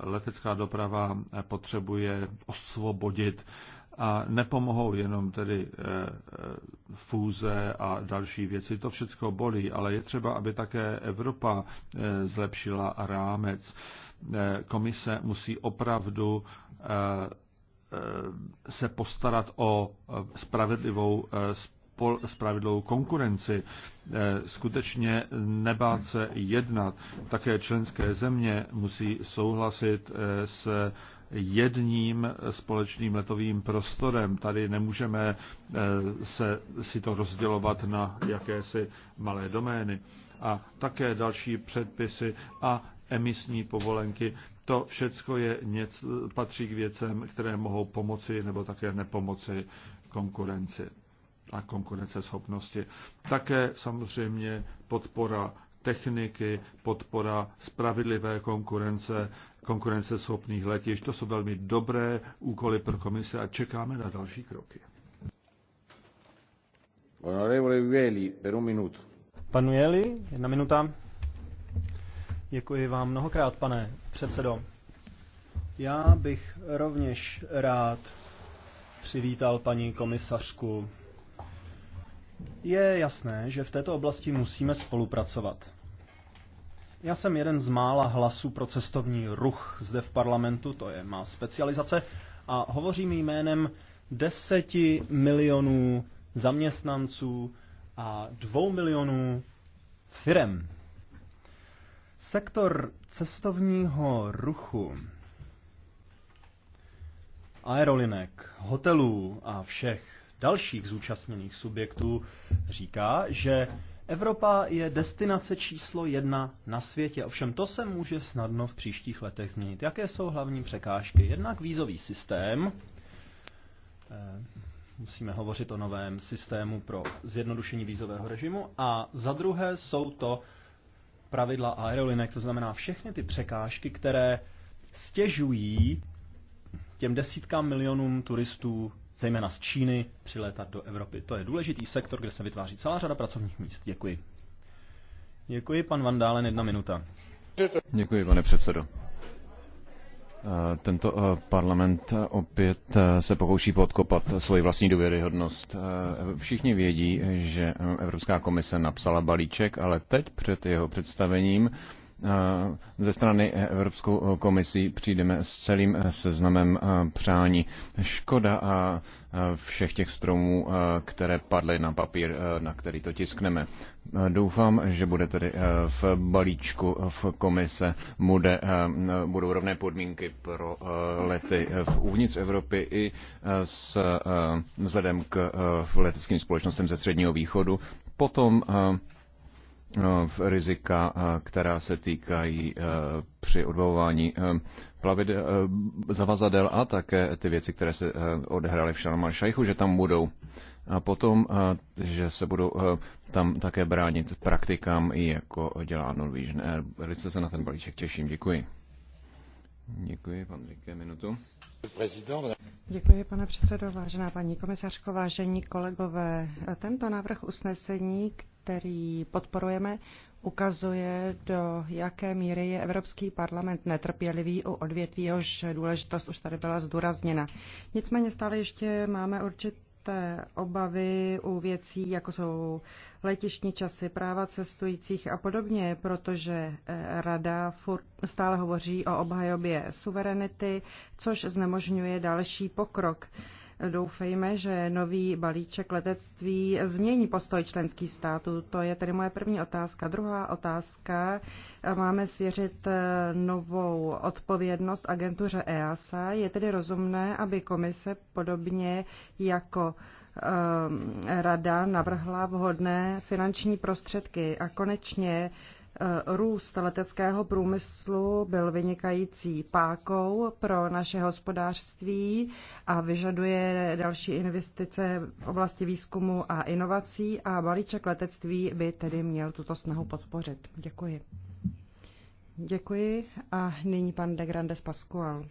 Speaker 3: letecká doprava potřebuje osvobodit a nepomohou jenom tedy eh, eh, fúze a další věci. To všechno bolí, ale je třeba, aby také Evropa eh, zlepšila rámec. Komise musí opravdu se postarat o spravedlivou spravedlivou konkurenci, skutečně nebát se jednat. Také členské země musí souhlasit s jedním společným letovým prostorem. Tady nemůžeme eh, se, si to rozdělovat na jakési malé domény. A také další předpisy a emisní povolenky. To všechno je něco, patří k věcem, které mohou pomoci nebo také nepomoci konkurenci a konkurenceschopnosti. Také samozřejmě podpora techniky, podpora spravedlivé konkurence, konkurence schopných letišť. To jsou velmi dobré úkoly pro komise a čekáme na další kroky.
Speaker 4: Honorevole Vieli, per un minuto.
Speaker 6: Panu Jeli, jedna minuta. Děkuji vám mnohokrát, pane předsedo. Já bych rovněž rád přivítal paní komisařku je jasné, že v této oblasti musíme spolupracovat. Já jsem jeden z mála hlasů pro cestovní ruch zde v parlamentu, to je má specializace, a hovořím jménem deseti milionů zaměstnanců a dvou milionů firem. Sektor cestovního ruchu, aerolinek, hotelů a všech dalších zúčastněných subjektů říká, že Evropa je destinace číslo jedna na světě, ovšem to se může snadno v příštích letech změnit. Jaké jsou hlavní překážky? Jednak vízový systém, eh, musíme hovořit o novém systému pro zjednodušení vízového režimu, a za druhé jsou to pravidla aerolinek, to znamená všechny ty překážky, které stěžují těm desítkám milionům turistů zejména z Číny, přilétat do Evropy. To je důležitý sektor, kde se vytváří celá řada pracovních míst. Děkuji. Děkuji, pan Vandálen, jedna minuta.
Speaker 5: Děkuji, pane předsedo. Eh, tento eh, parlament eh, opět se pokouší podkopat svoji vlastní důvěryhodnost. Všichni vědí, že Evropská komise napsala balíček, ale teď před jeho představením Eh, ze strany Evropskou eh, komisí přijdeme s celým eh, seznamem přání. Škoda a všech těch stromů, které padly na papír, na který to tiskneme. Doufám, že bude tedy v balíčku v komise bude, budou rovné podmínky pro lety v uvnitř Evropy i s vzhledem k leteckým společnostem ze Středního východu. Potom No, v rizika, eh, která se týkají eh, při odbavování eh, plavidel, zavazadel a také ty věci, které se odehrály v Sharm šajchu že tam budou. A potom, že se budou tam také bránit praktikám, i jako dělá Norwegian Air. Velice se na ten balíček těším. Děkuji. Děkuji, pan Rike, minutu.
Speaker 7: Děkuji, pane předsedo, vážená paní komisařko, vážení kolegové. Tento návrh usnesení, který podporujeme, ukazuje, do jaké míry je Evropský parlament netrpělivý u odvětví, jehož důležitost už tady byla zdůrazněna. Nicméně stále ještě máme určité obavy u věcí, jako jsou letišní časy, práva cestujících a podobně, protože eh, Rada furt stále hovoří o obhajobě suverenity, což znemožňuje další pokrok. Doufejme, že nový balíček letectví změní postoj členských států. To je tedy moje první otázka. Druhá otázka. Máme svěřit eh, novou odpovědnost agentuře EASA. Je tedy rozumné, aby komise podobně jako eh, rada navrhla vhodné finanční prostředky. A konečně Eh, růst leteckého průmyslu byl vynikající pákou pro naše hospodářství a vyžaduje další investice v oblasti výzkumu a inovací a balíček letectví by tedy měl tuto snahu podpořit. Děkuji. Děkuji a nyní pan de Grandes Pascual.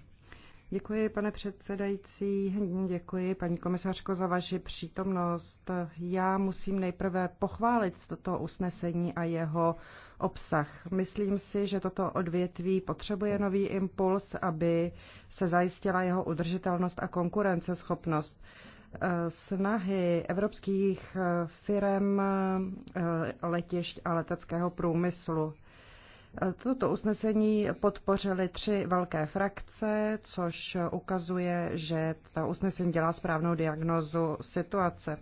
Speaker 7: Děkuji, pane předsedající, děkuji, paní komisařko, za vaši přítomnost. Já musím nejprve pochválit toto usnesení a jeho obsah. Myslím si, že toto odvětví potřebuje nový impuls, aby se zajistila jeho udržitelnost a konkurenceschopnost snahy evropských firm eh, letišť a leteckého průmyslu. Toto usnesení podpořili tři velké frakce, což ukazuje, že ta usnesení dělá správnou diagnozu situace.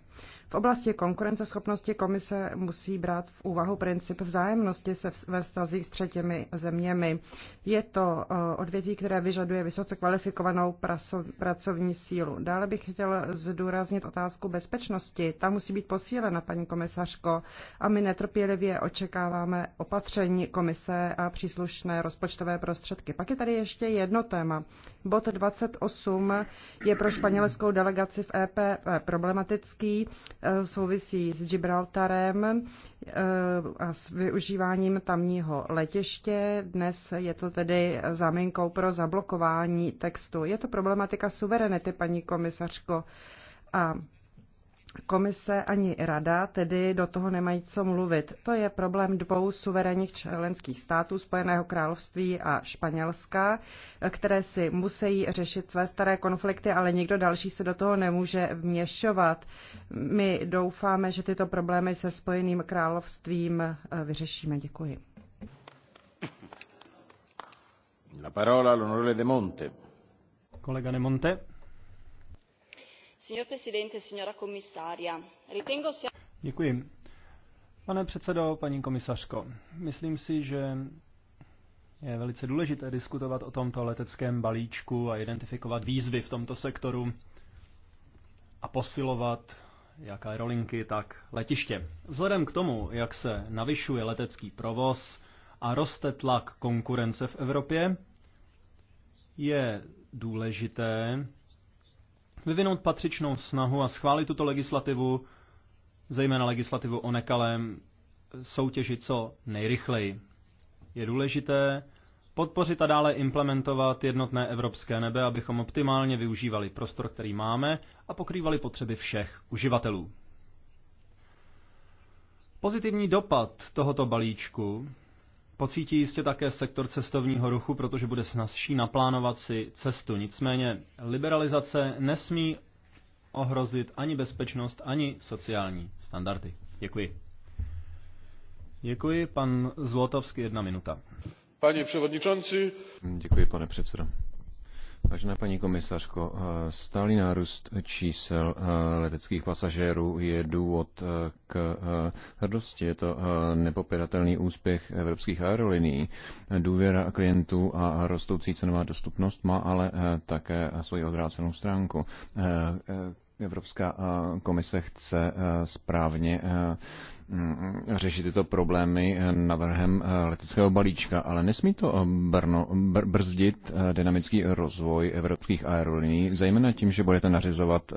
Speaker 7: V oblasti konkurenceschopnosti komise musí brát v úvahu princip vzájemnosti se ve vztazích s třetími zeměmi. Je to eh, odvětví, které vyžaduje vysoce kvalifikovanou pracovní sílu. Dále bych chtěl zdůraznit otázku bezpečnosti. Ta musí být posílena, paní komisařko, a my netrpělivě očekáváme opatření komise a příslušné rozpočtové prostředky. Pak je tady ještě jedno téma. Bod 28 je pro španělskou delegaci v EP eh, problematický, eh, souvisí s Gibraltarem eh, a s využíváním tamního letiště. Dnes je to tedy záminkou pro zablokování textu. Je to problematika suverenity, paní komisařko. A Komise ani rada tedy do toho nemají co mluvit. To je problém dvou suverénních členských států, Spojeného království a Španělska, které si musí řešit své staré konflikty, ale nikdo další se do toho nemůže vměšovat. My doufáme, že tyto problémy se Spojeným královstvím eh, vyřešíme. Děkuji.
Speaker 4: La parola all'onorevole De Monte.
Speaker 6: Kolega De Monte. Děkuji. Pane předsedo, paní komisařko, myslím si, že je velice důležité diskutovat o tomto leteckém balíčku a identifikovat výzvy v tomto sektoru a posilovat jak aerolinky, tak letiště. Vzhledem k tomu, jak se navyšuje letecký provoz a roste tlak konkurence v Evropě, je důležité vyvinout patřičnou snahu a schválit tuto legislativu, zejména legislativu o nekalém soutěži co nejrychleji. Je důležité podpořit a dále implementovat jednotné evropské nebe, abychom optimálně využívali prostor, který máme a pokrývali potřeby všech uživatelů. Pozitivní dopad tohoto balíčku Pocítí jistě také sektor cestovního ruchu, protože bude snazší naplánovat si cestu. Nicméně liberalizace nesmí ohrozit ani bezpečnost, ani sociální standardy. Děkuji. Děkuji, pan Zlotovský, jedna minuta.
Speaker 3: Pane předsedající.
Speaker 5: Děkuji, pane předsedo. Vážená paní komisařko, eh, stálý nárůst čísel eh, leteckých pasažérů je důvod eh, k hrdosti. Je to nepopiratelný úspěch evropských aerolinií. Důvěra klientů a rostoucí cenová dostupnost má ale také svoji odvrácenou stránku. Evropská komise chce správně Mm, řešit tyto problémy eh, navrhem eh, leteckého balíčka, ale nesmí to eh, Brno, br- brzdit dynamický rozvoj evropských aerolinií, zejména tím, že budete nařizovat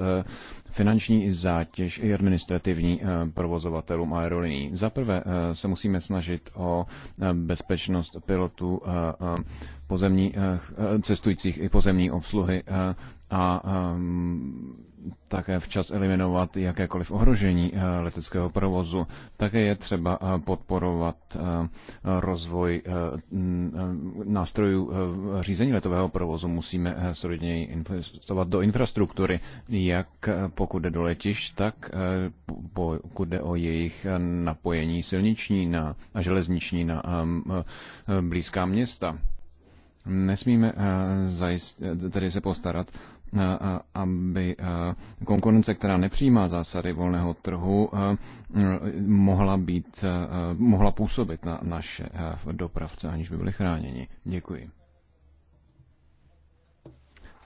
Speaker 5: finanční zátěž i administrativní provozovatelům aerolinií. Za prvé se musíme snažit o bezpečnost pilotů pozemní, cestujících i pozemní obsluhy a um, také včas eliminovat jakékoliv ohrožení eh, leteckého provozu. Také je třeba eh, podporovat eh, rozvoj nástrojů řízení letového provozu. Musíme solidněji investovat do infrastruktury, jak pokud jde do letiš, tak pokud jde o jejich napojení silniční na, a železniční na ehm, blízká města. Nesmíme zajist, tedy se postarat aby konkurence, která nepřijímá zásady volného trhu, mohla, být, mohla působit na naše dopravce, aniž by byly chráněni. Děkuji.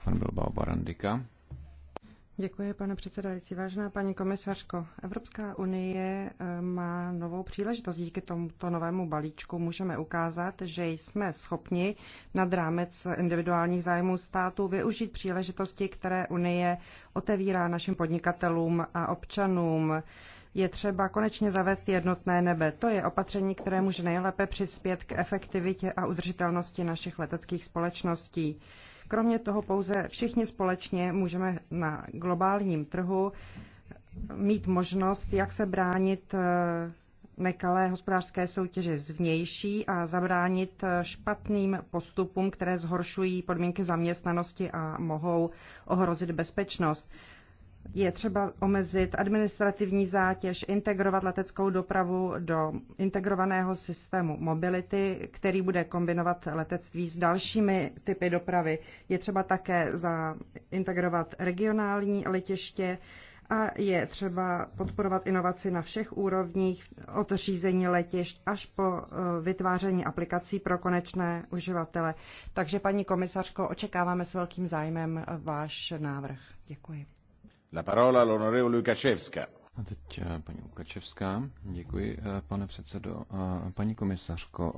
Speaker 5: Pan Bilbao Barandika.
Speaker 7: Děkuji, pane předsedající. Vážená paní komisařko, Evropská unie eh, má novou příležitost. Díky tomuto novému balíčku můžeme ukázat, že jsme schopni nad rámec individuálních zájmů států využít příležitosti, které unie otevírá našim podnikatelům a občanům je třeba konečně zavést jednotné nebe. To je opatření, které může nejlépe přispět k efektivitě a udržitelnosti našich leteckých společností. Kromě toho pouze všichni společně můžeme na globálním trhu mít možnost, jak se bránit eh, nekalé hospodářské soutěže zvnější a zabránit eh, špatným postupům, které zhoršují podmínky zaměstnanosti a mohou ohrozit bezpečnost. Je třeba omezit administrativní zátěž, integrovat leteckou dopravu do integrovaného systému mobility, který bude kombinovat letectví s dalšími typy dopravy. Je třeba také zaintegrovat regionální letiště a je třeba podporovat inovaci na všech úrovních, od řízení letišť až po e, vytváření aplikací pro konečné uživatele. Takže paní komisařko, očekáváme s velkým zájmem váš návrh. Děkuji.
Speaker 5: La parola l'onorevole Lukačevská. A teď eh, paní Lukačevská. Děkuji, eh, pane předsedo. Eh, paní komisařko,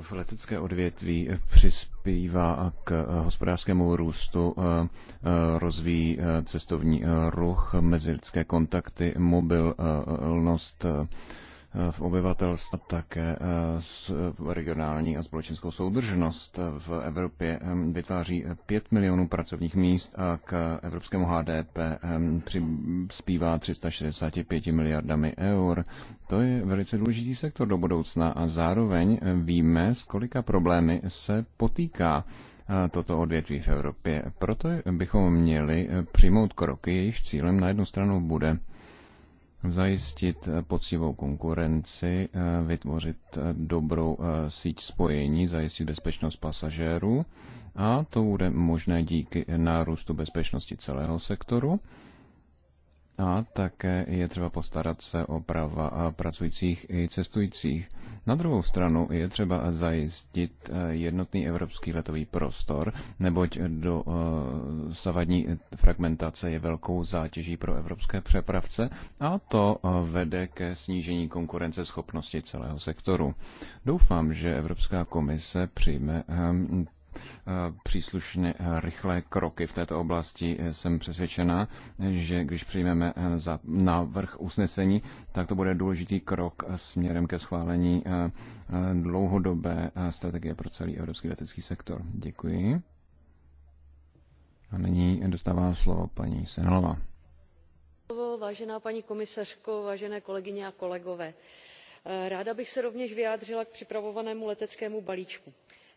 Speaker 5: v letecké odvětví přispívá k hospodářskému růstu, rozvíjí cestovní ruch, mezilidské kontakty, mobilnost, v a také eh, s eh, regionální a společenskou soudržnost v Evropě. Eh, vytváří 5 milionů pracovních míst a k evropskému HDP přispívá 365 miliardami eur. To je velice důležitý sektor do budoucna a zároveň víme, s kolika problémy se potýká toto odvětví v Evropě. Proto bychom měli přijmout kroky, jejichž cílem na jednu stranu bude zajistit eh, poctivou konkurenci, eh, vytvořit eh, dobrou síť spojení, zajistit bezpečnost pasažérů a to bude možné díky nárůstu bezpečnosti celého sektoru a také je třeba postarat se o práva pracujících i cestujících. Na druhou stranu je třeba zajistit eh, jednotný evropský letový prostor, neboť do savadní eh, fragmentace je velkou zátěží pro evropské přepravce a to eh, vede ke snížení konkurenceschopnosti celého sektoru. Doufám, že Evropská komise přijme Eh, příslušné eh, rychlé kroky v této oblasti. Eh, jsem přesvědčena, že když přijmeme za návrh usnesení, tak to bude důležitý krok směrem ke schválení dlouhodobé strategie pro celý evropský letecký sektor. Děkuji. A nyní dostává slovo paní Senalová.
Speaker 7: Vážená paní komisařko, vážené kolegyně a kolegové, ráda bych se rovněž vyjádřila k připravovanému leteckému balíčku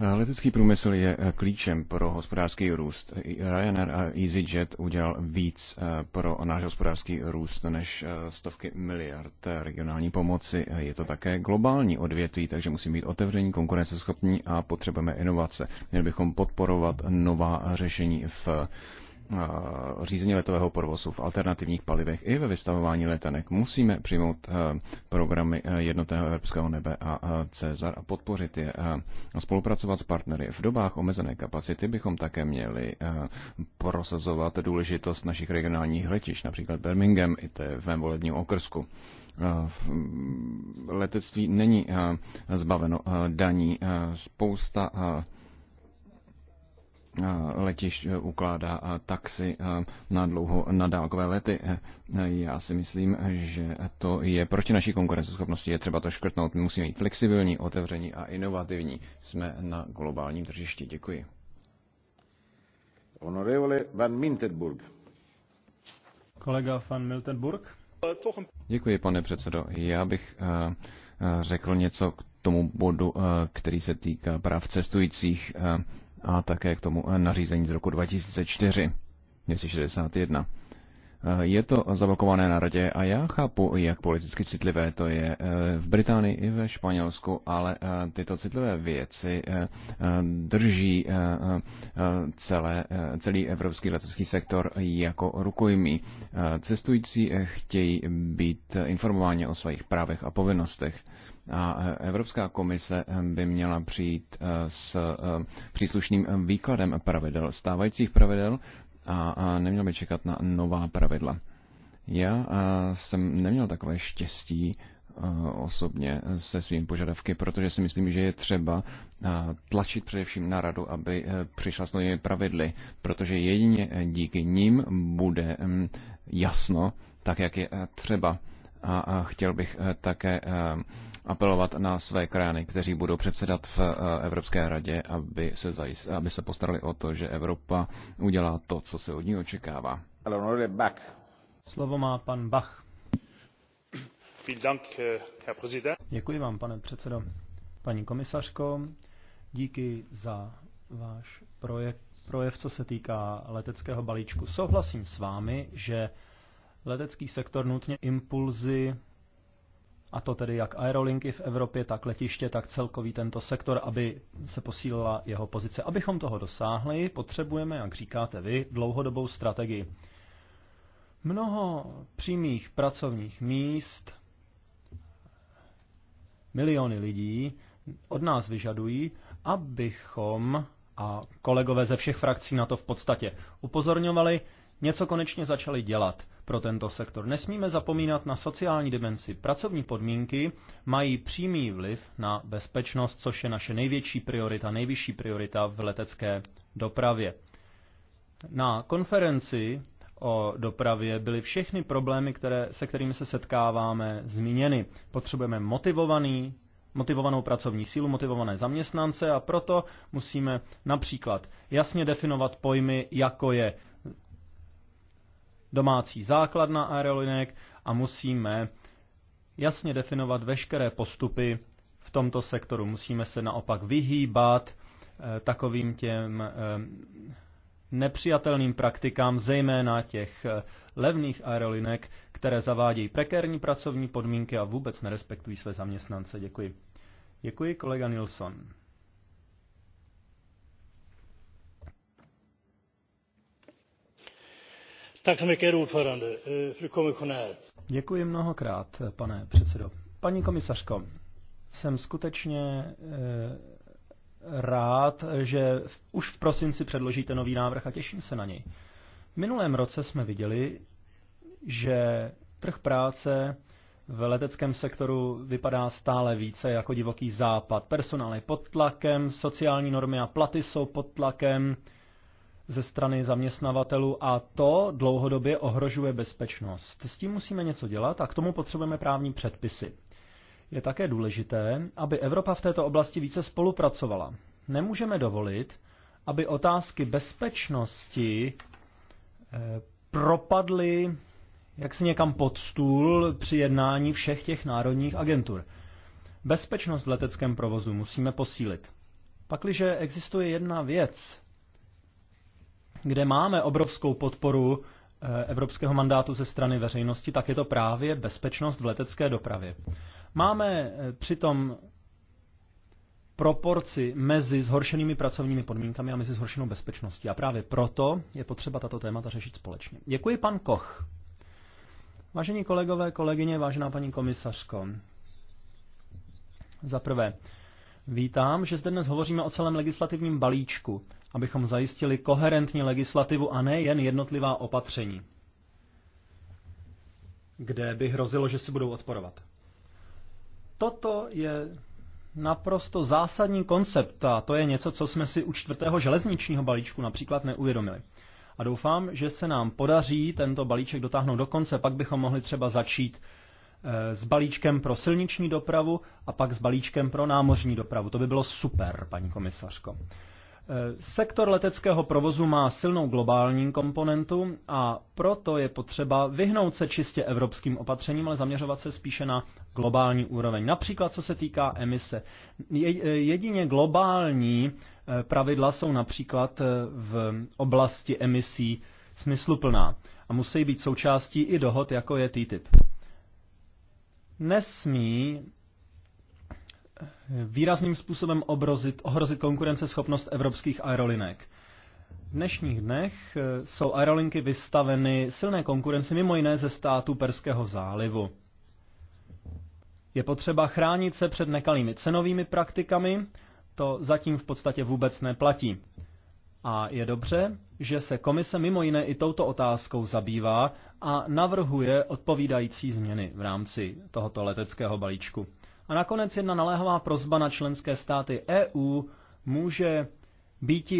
Speaker 5: Letecký průmysl je eh, klíčem pro hospodářský růst. Ryanair a EasyJet udělal víc eh, pro náš hospodářský růst než eh, stovky miliard regionální pomoci. Je to také globální odvětví, takže musí být otevření, konkurenceschopní a potřebujeme inovace. Měli bychom podporovat nová řešení v Eh, řízení letového provozu v alternativních palivech i ve vystavování letenek musíme přijmout eh, programy eh, jednotného evropského nebe a Cesar a podpořit je a spolupracovat s partnery. V dobách omezené kapacity bychom také měli prosazovat důležitost našich regionálních letišť, například Birmingham, i to je v mém volebním okrsku letectví není zbaveno daní. Spousta letišť eh, ukládá eh, taxi eh, na dlouho na dálkové lety. Já si myslím, že to je proti naší konkurenceschopnosti. Je třeba to škrtnout. My musíme být flexibilní, otevření a inovativní. Jsme na globálním tržišti. Děkuji. Honorevole van Mintenburg.
Speaker 6: Kolega van Miltenburg.
Speaker 5: Děkuji, pane předsedo. Já bych řekl něco k tomu bodu, který se týká práv cestujících a také k tomu nařízení z roku 2004, 261. Eh, je to zablokované na radě a já chápu, jak politicky citlivé to je eh, v Británii i ve Španělsku, ale eh, tyto citlivé věci drží celé, celý evropský letecký sektor jako rukojmí. Cestující chtějí být informováni o svých právech a povinnostech. A e, Evropská komise e, by měla přijít e, s příslušným výkladem pravidel, stávajících pravidel a neměla by čekat na nová pravidla. Já jsem neměl takové štěstí osobně se svými požadavky, protože si myslím, že je třeba tlačit především na radu, aby přišla s novými pravidly, protože jedině díky nim bude mm, jasno, tak jak je třeba. A chtěl bych také apelovat na své krajany, kteří budou předsedat v eh, Evropské radě, aby se, zajist, aby se postarali o to, že Evropa udělá to, co se od ní očekává.
Speaker 6: Slovo má pan Bach. Eh, Děkuji vám, pane předsedo. Paní komisařko, díky za váš projekt, projev, co se týká leteckého balíčku. Souhlasím s vámi, že letecký sektor nutně impulzy a to tedy jak aerolinky v Evropě, tak letiště, tak celkový tento sektor, aby se posílila jeho pozice. Abychom toho dosáhli, potřebujeme, jak říkáte vy, dlouhodobou strategii. Mnoho přímých pracovních míst, miliony lidí od nás vyžadují, abychom, a kolegové ze všech frakcí na to v podstatě upozorňovali, něco konečně začali dělat pro tento sektor. Nesmíme zapomínat na sociální dimenzi. Pracovní podmínky mají přímý vliv na bezpečnost, což je naše největší priorita, nejvyšší priorita v letecké dopravě. Na konferenci o dopravě byly všechny problémy, které, se kterými se setkáváme, zmíněny. Potřebujeme motivovaný, motivovanou pracovní sílu, motivované zaměstnance a proto musíme například jasně definovat pojmy, jako je domácí základna aerolinek a musíme jasně definovat veškeré postupy v tomto sektoru. Musíme se naopak vyhýbat eh, takovým těm eh, nepřijatelným praktikám, zejména těch eh, levných aerolinek, které zavádějí prekérní pracovní podmínky a vůbec nerespektují své zaměstnance. Děkuji. Děkuji, kolega Nilsson.
Speaker 3: Tak se eh,
Speaker 6: Děkuji mnohokrát, pane předsedo. Paní komisařko, jsem skutečně eh, rád, že už v prosinci předložíte nový návrh a těším se na něj. V minulém roce jsme viděli, že trh práce v leteckém sektoru vypadá stále více jako divoký západ. Personál je pod tlakem, sociální normy a platy jsou pod tlakem, ze strany zaměstnavatelů a to dlouhodobě ohrožuje bezpečnost. S tím musíme něco dělat a k tomu potřebujeme právní předpisy. Je také důležité, aby Evropa v této oblasti více spolupracovala. Nemůžeme dovolit, aby otázky bezpečnosti eh, propadly jak si někam pod stůl při jednání všech těch národních agentur. Bezpečnost v leteckém provozu musíme posílit. Pakliže existuje jedna věc, kde máme obrovskou podporu eh, evropského mandátu ze strany veřejnosti, tak je to právě bezpečnost v letecké dopravě. Máme eh, přitom proporci mezi zhoršenými pracovními podmínkami a mezi zhoršenou bezpečností. A právě proto je potřeba tato témata řešit společně. Děkuji, pan Koch. Vážení kolegové, kolegyně, vážená paní komisařko. Za prvé, vítám, že zde dnes hovoříme o celém legislativním balíčku, abychom zajistili koherentní legislativu a ne jen jednotlivá opatření, kde by hrozilo, že si budou odporovat. Toto je naprosto zásadní koncept a to je něco, co jsme si u čtvrtého železničního balíčku například neuvědomili. A doufám, že se nám podaří tento balíček dotáhnout do konce, pak bychom mohli třeba začít eh, s balíčkem pro silniční dopravu a pak s balíčkem pro námořní dopravu. To by bylo super, paní komisařko. Eh, sektor leteckého provozu má silnou globální komponentu a proto je potřeba vyhnout se čistě evropským opatřením, ale zaměřovat se spíše na globální úroveň. Například co se týká emise. Eh, jedině globální eh, pravidla jsou například v oblasti emisí smysluplná a musí být součástí i dohod, jako je TTIP. Nesmí výrazným způsobem obrozit, ohrozit konkurenceschopnost evropských aerolinek. V dnešních dnech eh, jsou aerolinky vystaveny silné konkurenci mimo jiné ze států Perského zálivu. Je potřeba chránit se před nekalými cenovými praktikami, to zatím v podstatě vůbec neplatí. A je dobře, že se komise mimo jiné i touto otázkou zabývá a navrhuje odpovídající změny v rámci tohoto leteckého balíčku. A nakonec jedna naléhavá prozba na členské státy EU může být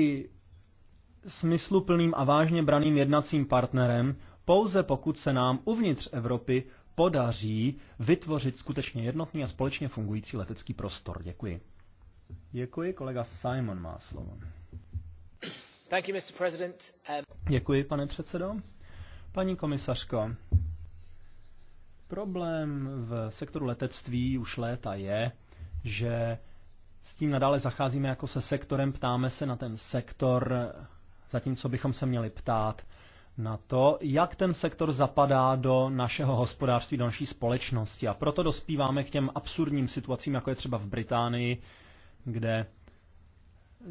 Speaker 6: smysluplným a vážně braným jednacím partnerem, pouze pokud se nám uvnitř Evropy podaří vytvořit skutečně jednotný a společně fungující letecký prostor. Děkuji. Děkuji, kolega Simon má slovo. Um, Děkuji, pane předsedo. Paní komisařko, Problém v sektoru letectví už léta je, že s tím nadále zacházíme jako se sektorem, ptáme se na ten sektor, zatímco bychom se měli ptát na to, jak ten sektor zapadá do našeho hospodářství, do naší společnosti. A proto dospíváme k těm absurdním situacím, jako je třeba v Británii, kde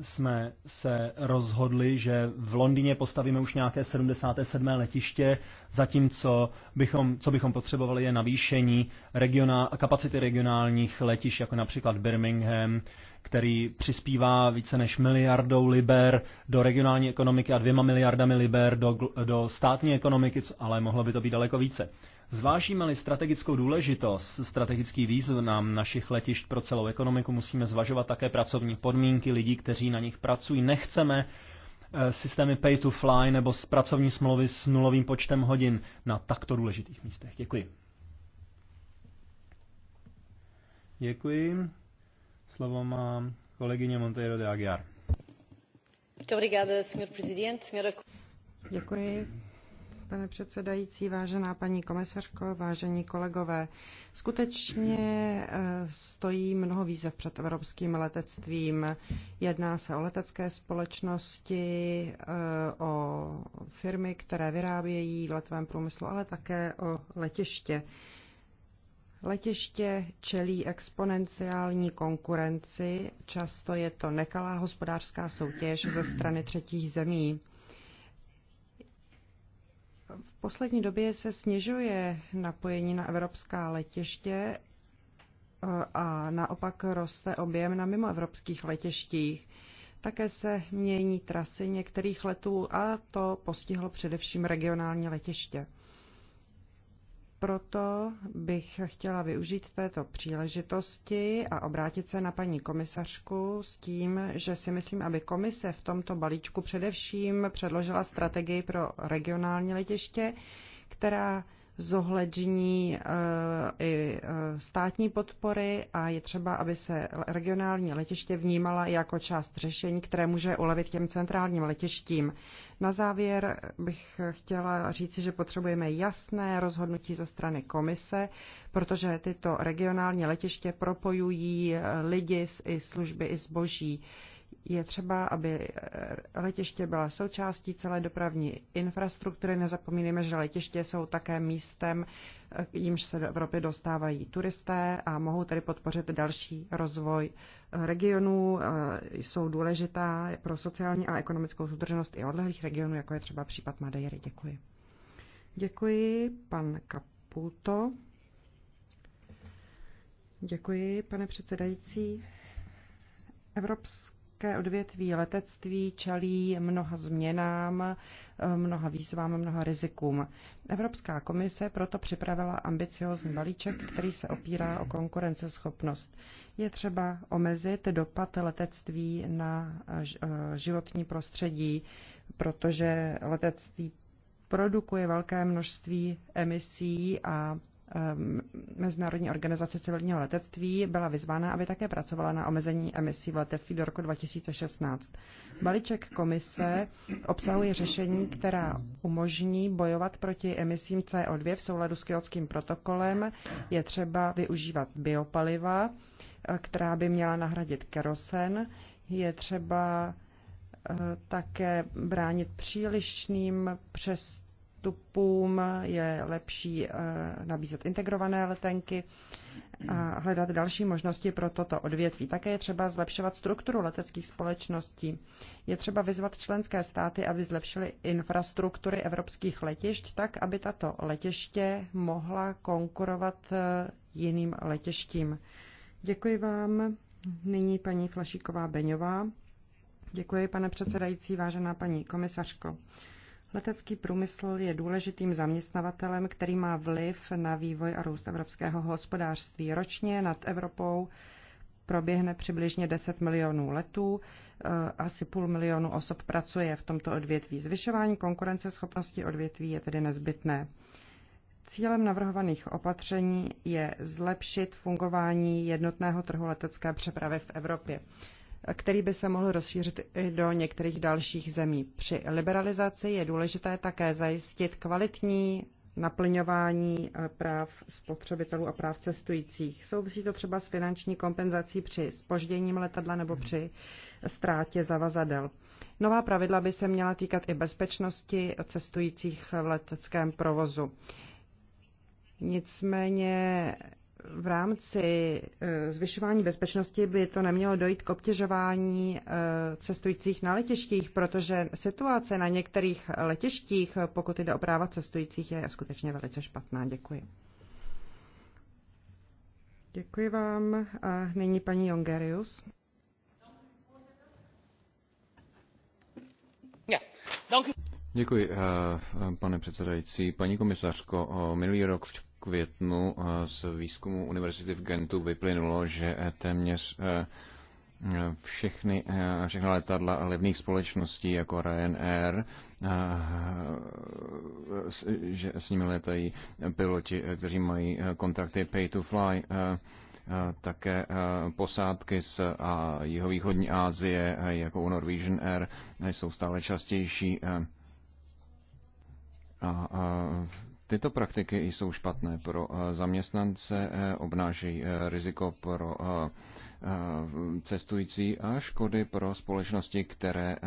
Speaker 6: jsme se rozhodli, že v Londýně postavíme už nějaké 77. letiště, zatímco bychom, co bychom potřebovali je navýšení regionál, kapacity regionálních letišť, jako například Birmingham, který přispívá více než miliardou liber do regionální ekonomiky a dvěma miliardami liber do, do státní ekonomiky, ale mohlo by to být daleko více. Zvážíme-li strategickou důležitost, strategický význam našich letišť pro celou ekonomiku, musíme zvažovat také pracovní podmínky lidí, kteří na nich pracují. Nechceme eh, systémy pay to fly nebo z pracovní smlouvy s nulovým počtem hodin na takto důležitých místech. Děkuji. Děkuji. Slovo má kolegyně Monteiro de Aguiar.
Speaker 7: Děkuji, pane předsedající, vážená paní komisařko, vážení kolegové. Skutečně eh, stojí mnoho výzev před evropským letectvím. Jedná se o letecké společnosti, eh, o firmy, které vyrábějí v letovém průmyslu, ale také o letiště. Letiště čelí exponenciální konkurenci, často je to nekalá hospodářská soutěž ze strany třetích zemí. V poslední době se snižuje napojení na evropská letiště eh, a naopak roste objem na mimoevropských letištích. Také se mění trasy některých letů a to postihlo především regionální letiště. Proto bych chtěla využít této příležitosti a obrátit se na paní komisařku s tím, že si myslím, aby komise v tomto balíčku především předložila strategii pro regionální letiště, která zohlední eh, i eh, státní podpory a je třeba, aby se regionální letiště vnímala jako část řešení, které může ulevit těm centrálním letištím. Na závěr bych chtěla říci, že potřebujeme jasné rozhodnutí ze strany komise, protože tyto regionální letiště propojují eh, lidi i služby i zboží. Je třeba, aby eh, letiště byla součástí celé dopravní infrastruktury. Nezapomínejme, že letiště jsou také místem, jimž eh, se do Evropy dostávají turisté a mohou tedy podpořit další rozvoj regionů. Eh, jsou důležitá pro sociální a ekonomickou soudržnost i odlehlých regionů, jako je třeba případ Madejry. Děkuji. Děkuji, pan Kaputo. Děkuji, pane předsedající. Evropská evropské odvětví letectví čelí mnoha změnám, mnoha výzvám, mnoha rizikům. Evropská komise proto připravila ambiciozní balíček, který se opírá o konkurenceschopnost. Je třeba omezit dopad letectví na eh, eh, životní prostředí, protože letectví produkuje velké množství emisí a Mezinárodní organizace civilního letectví byla vyzvána, aby také pracovala na omezení emisí v letectví do roku 2016. Balíček komise obsahuje řešení, která umožní bojovat proti emisím CO2 v souladu s kyotským protokolem. Je třeba využívat biopaliva, eh, která by měla nahradit kerosen. Je třeba eh, také bránit přílišným přes nástupům, je lepší eh, nabízet integrované letenky a hledat další možnosti pro toto odvětví. Také je třeba zlepšovat strukturu leteckých společností. Je třeba vyzvat členské státy, aby zlepšily infrastruktury evropských letišť tak, aby tato letiště mohla konkurovat eh, jiným letištím. Děkuji vám. Nyní paní Flašíková Beňová. Děkuji, pane předsedající, vážená paní komisařko. Letecký průmysl je důležitým zaměstnavatelem, který má vliv na vývoj a růst evropského hospodářství. Ročně nad Evropou proběhne přibližně 10 milionů letů, eh, asi půl milionu osob pracuje v tomto odvětví. Zvyšování konkurenceschopnosti odvětví je tedy nezbytné. Cílem navrhovaných opatření je zlepšit fungování jednotného trhu letecké přepravy v Evropě který by se mohl rozšířit i do některých dalších zemí. Při liberalizaci je důležité také zajistit kvalitní naplňování eh, práv spotřebitelů a práv cestujících. Souvisí to třeba s finanční kompenzací při spožděním letadla nebo při ztrátě zavazadel. Nová pravidla by se měla týkat i bezpečnosti cestujících v leteckém provozu. Nicméně v rámci eh, zvyšování bezpečnosti by to nemělo dojít k obtěžování eh, cestujících na letištích, protože situace na některých letištích, eh, pokud jde o práva cestujících, je skutečně velice špatná. Děkuji. Děkuji vám. A nyní paní Jongerius.
Speaker 5: Děkuji, pane předsedající. Paní komisařko, minulý rok v květnu eh, z výzkumu Univerzity v Gentu vyplynulo, že eh, téměř eh, všechny, všechny letadla levných společností jako Ryanair, že s nimi letají piloti, kteří mají kontrakty pay to fly, také posádky z jihovýchodní Asie, jako u Norwegian Air, jsou stále častější. A, a Tyto praktiky jsou špatné pro eh, zaměstnance, eh, obnášejí eh, riziko pro cestující a škody pro společnosti, které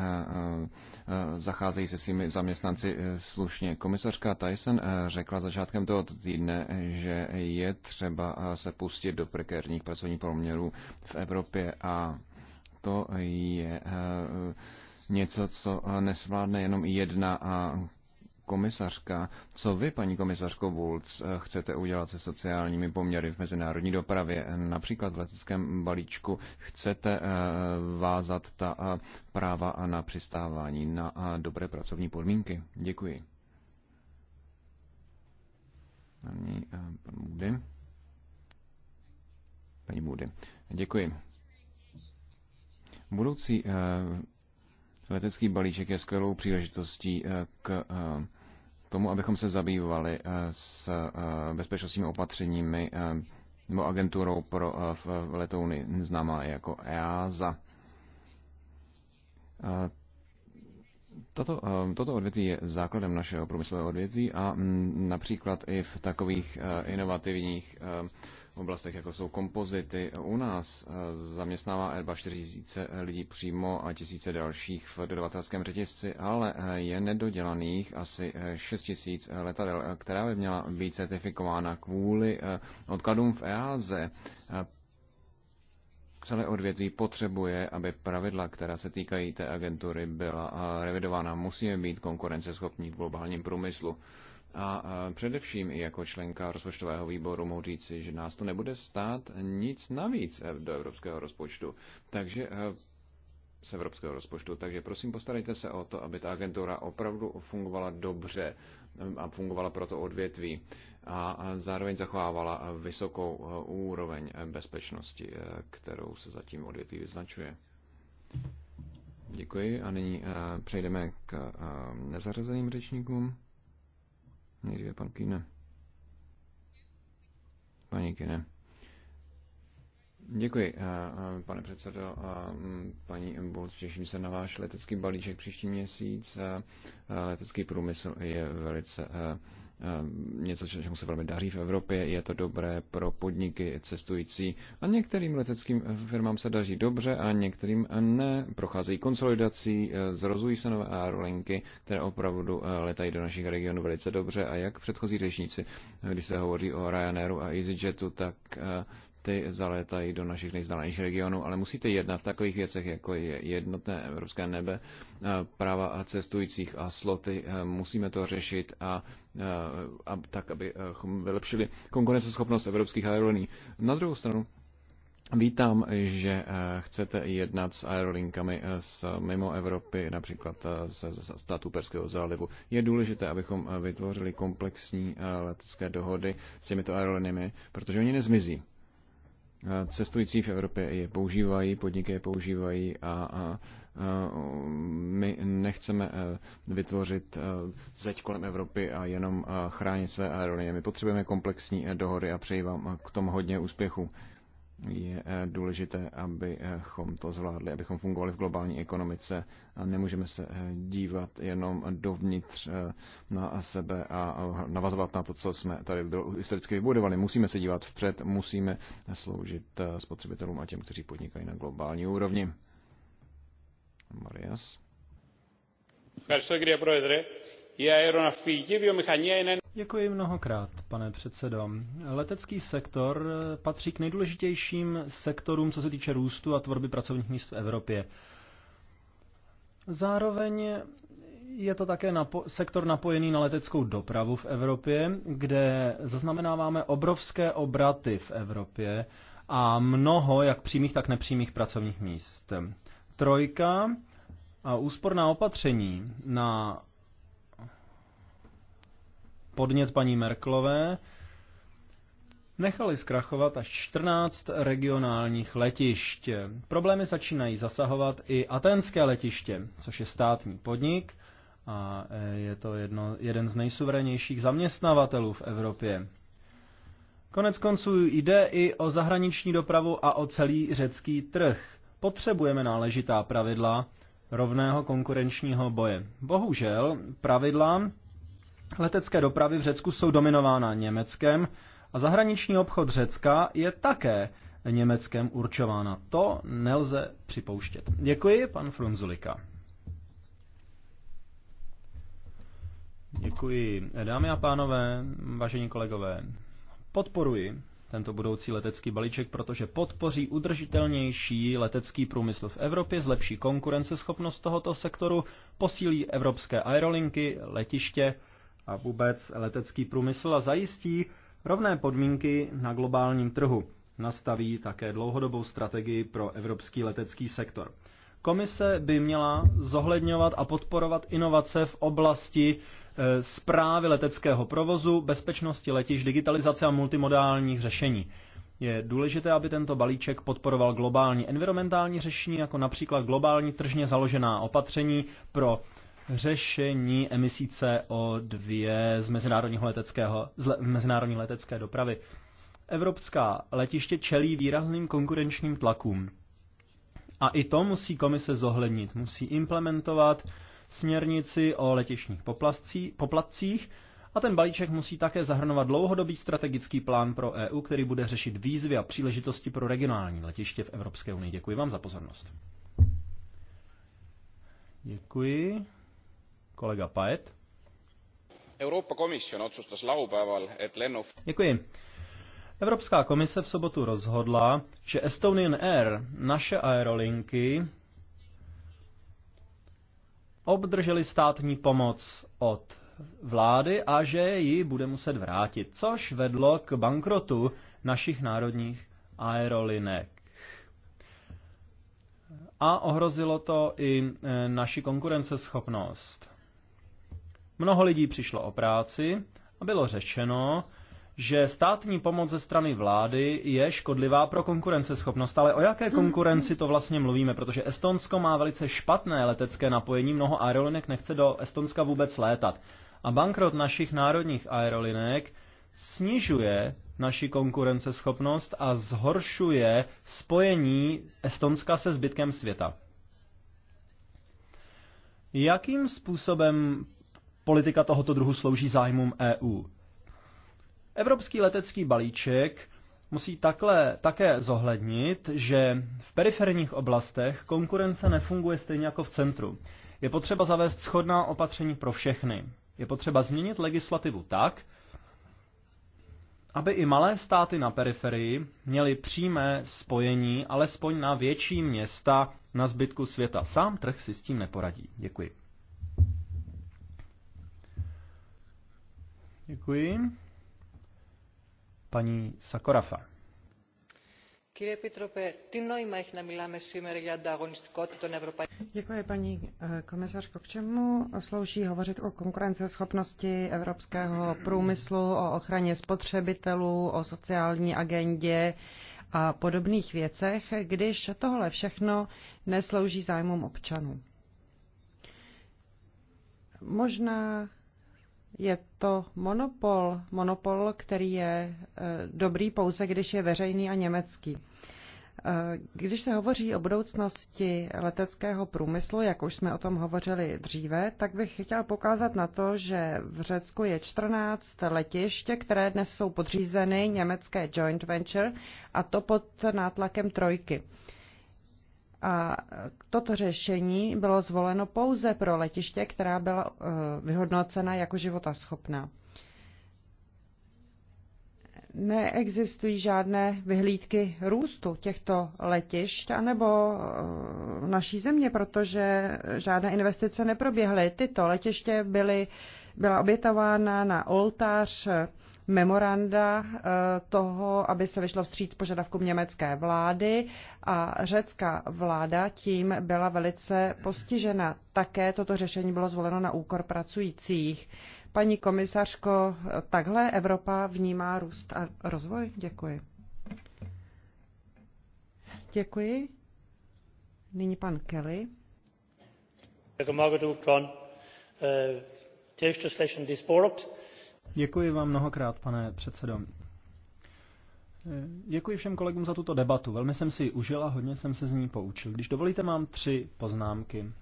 Speaker 5: zacházejí se svými zaměstnanci slušně. Komisařka Tyson řekla začátkem tohoto týdne, že je třeba se pustit do prekérních pracovních poměrů v Evropě a to je něco, co nesvládne jenom jedna komisařka, co vy, paní komisařko Bulc, eh, chcete udělat se sociálními poměry v mezinárodní dopravě? Eh, například v leteckém balíčku chcete eh, vázat ta práva na přistávání na dobré pracovní podmínky? Děkuji. Paní pan Paní Moody. Děkuji. Budoucí letecký balíček je skvělou příležitostí k tomu, abychom se zabývali eh, s eh, bezpečnostními opatřeními eh, nebo agenturou pro letouny známá jako EASA. Tato, toto odvětví je základem našeho průmyslového odvětví a mm, například i v takových inovativních oblastech, jako jsou kompozity. U nás eh, zaměstnává Erba 4000 lidí přímo a tisíce dalších v dodavatelském řetězci, ale eh, je nedodělaných asi 6000 eh, letadel, která by měla být certifikována kvůli odkladům v EAZ. celé odvětví potřebuje, aby pravidla, která se týkají té agentury, byla revidována. Musíme být konkurenceschopní v globálním průmyslu. A především i jako členka rozpočtového výboru mohu říci, že nás to nebude stát nic navíc eh, do evropského rozpočtu. Takže eh, z evropského rozpočtu. Takže prosím, postarejte se o to, aby ta agentura opravdu fungovala dobře eh, a fungovala pro to odvětví a zároveň zachovávala vysokou úroveň bezpečnosti, kterou se zatím odvětví vyznačuje. Děkuji a nyní přejdeme k nezařazeným řečníkům. Nejdříve pan Kine. Paní Kine. Děkuji, eh, eh, pane předsedo. Eh, paní Embolc, těším se na váš letecký balíček příští měsíc. Letecký průmysl je velice Ehm, něco, čemu se velmi daří v Evropě, je to dobré pro podniky cestující a některým leteckým firmám se daří dobře a některým ne. Procházejí konsolidací, eh, zrozují se nové aerolinky, které opravdu eh, letají do našich regionů velice dobře a jak předchozí řečníci, eh, když se hovoří o Ryanairu a EasyJetu, tak ty zalétají do našich nejzdálenějších regionů, ale musíte jednat v takových věcech, jako je jednotné evropské nebe, práva cestujících a sloty. Musíme to řešit a a tak, abychom vylepšili konkurenceschopnost evropských aerolíní. Na druhou stranu, Vítám, že eh, chcete jednat s aerolinkami eh, z mimo Evropy, například eh, ze států Perského zálivu. Je důležité, abychom vytvořili komplexní letecké dohody s těmito aeroliniemi, protože oni nezmizí cestující v Evropě je používají, podniky je používají a, a, a my nechceme e, vytvořit e, zeď kolem Evropy a jenom e, chránit své aerolinie. My potřebujeme komplexní dohody a přeji vám k tomu hodně úspěchu je eh, důležité, abychom eh, to zvládli, abychom fungovali v globální ekonomice a nemůžeme se eh, dívat jenom dovnitř na sebe a navazovat na to, co jsme tady bylo historicky vybudovali. Musíme se dívat vpřed, musíme sloužit spotřebitelům a těm, kteří podnikají na globální úrovni.
Speaker 6: Marias.
Speaker 2: Ευχαριστώ κύριε Πρόεδρε.
Speaker 6: Děkuji mnohokrát, pane předsedo. Letecký sektor patří k nejdůležitějším sektorům, co se týče růstu a tvorby pracovních míst v Evropě. Zároveň je to také napo- sektor napojený na leteckou dopravu v Evropě, kde zaznamenáváme obrovské obraty v Evropě a mnoho jak přímých, tak nepřímých pracovních míst. Trojka a úsporná opatření na podnět paní Merklové, nechali zkrachovat až 14 regionálních letišť. Problémy začínají zasahovat i aténské letiště, což je státní podnik a e, je to jedno, jeden z nejsuverenějších zaměstnavatelů v Evropě. Konec konců jde i o zahraniční dopravu a o celý řecký trh. Potřebujeme náležitá pravidla rovného konkurenčního boje. Bohužel pravidla Letecké dopravy v Řecku jsou dominována Německem a zahraniční obchod Řecka je také Německem určována. To nelze připouštět. Děkuji, pan Frunzulika. Děkuji. Dámy a pánové, vážení kolegové, podporuji tento budoucí letecký balíček, protože podpoří udržitelnější letecký průmysl v Evropě, zlepší konkurenceschopnost tohoto sektoru, posílí evropské aerolinky, letiště a vůbec letecký průmysl a zajistí rovné podmínky na globálním trhu. Nastaví také dlouhodobou strategii pro evropský letecký sektor. Komise by měla zohledňovat a podporovat inovace v oblasti zprávy e, leteckého provozu, bezpečnosti letiš, digitalizace a multimodálních řešení. Je důležité, aby tento balíček podporoval globální environmentální řešení, jako například globální tržně založená opatření pro řešení emisí CO2 z mezinárodního leteckého, z mezinárodní letecké dopravy. Evropská letiště čelí výrazným konkurenčním tlakům. A i to musí komise zohlednit. Musí implementovat směrnici o letišních poplatcích a ten balíček musí také zahrnovat dlouhodobý strategický plán pro EU, který bude řešit výzvy a příležitosti pro regionální letiště v Evropské unii. Děkuji vám za pozornost. Děkuji. Kolega Paet. et Děkuji. Evropská komise v sobotu rozhodla, že Estonian Air, naše aerolinky, obdrželi státní pomoc od vlády a že ji bude muset vrátit, což vedlo k bankrotu našich národních aerolinek. A ohrozilo to i e, naši konkurenceschopnost. Mnoho lidí přišlo o práci a bylo řečeno, že státní pomoc ze strany vlády je škodlivá pro konkurenceschopnost. Ale o jaké mhm. konkurenci to vlastně mluvíme? Protože Estonsko má velice špatné letecké napojení, mnoho aerolinek nechce do Estonska vůbec létat. A bankrot našich národních aerolinek snižuje naši konkurenceschopnost a zhoršuje spojení Estonska se zbytkem světa. Jakým způsobem politika tohoto druhu slouží zájmům EU. Evropský letecký balíček musí takhle také zohlednit, že v periferních oblastech konkurence nefunguje stejně jako v centru. Je potřeba zavést schodná opatření pro všechny. Je potřeba změnit legislativu tak, aby i malé státy na periferii měly přímé spojení alespoň na větší města na zbytku světa. Sám trh si s tím neporadí. Děkuji. Děkuji. Paní Sakorafa.
Speaker 7: ty nemiláme Děkuji, paní eh, komisařko. K čemu slouží hovořit o konkurenceschopnosti evropského průmyslu, o ochraně spotřebitelů, o sociální agendě a podobných věcech, když tohle všechno neslouží zájmům občanů? Možná je to monopol, monopol, který je e, dobrý pouze, když je veřejný a německý. E, když se hovoří o budoucnosti leteckého průmyslu, jak už jsme o tom hovořili dříve, tak bych chtěl pokázat na to, že v Řecku je 14 letiště, které dnes jsou podřízeny německé joint venture a to pod nátlakem trojky. A toto řešení bylo zvoleno pouze pro letiště, která byla eh, vyhodnocena jako životaschopná. Neexistují žádné vyhlídky růstu těchto letišť anebo eh, naší země, protože žádné investice neproběhly. Tyto letiště byly, byla obětována na oltář memoranda eh, toho, aby se vyšlo vstříc požadavkům německé vlády a řecká vláda tím byla velice postižena. Také toto řešení bylo zvoleno na úkor pracujících. Paní komisařko, takhle Evropa vnímá růst a rozvoj? Děkuji. Děkuji. Nyní pan Kelly.
Speaker 6: Děkuji, Děkuji vám mnohokrát, pane předsedo. Děkuji všem kolegům za tuto debatu. Velmi jsem si ji užila, hodně jsem se z ní poučil. Když dovolíte, mám tři poznámky.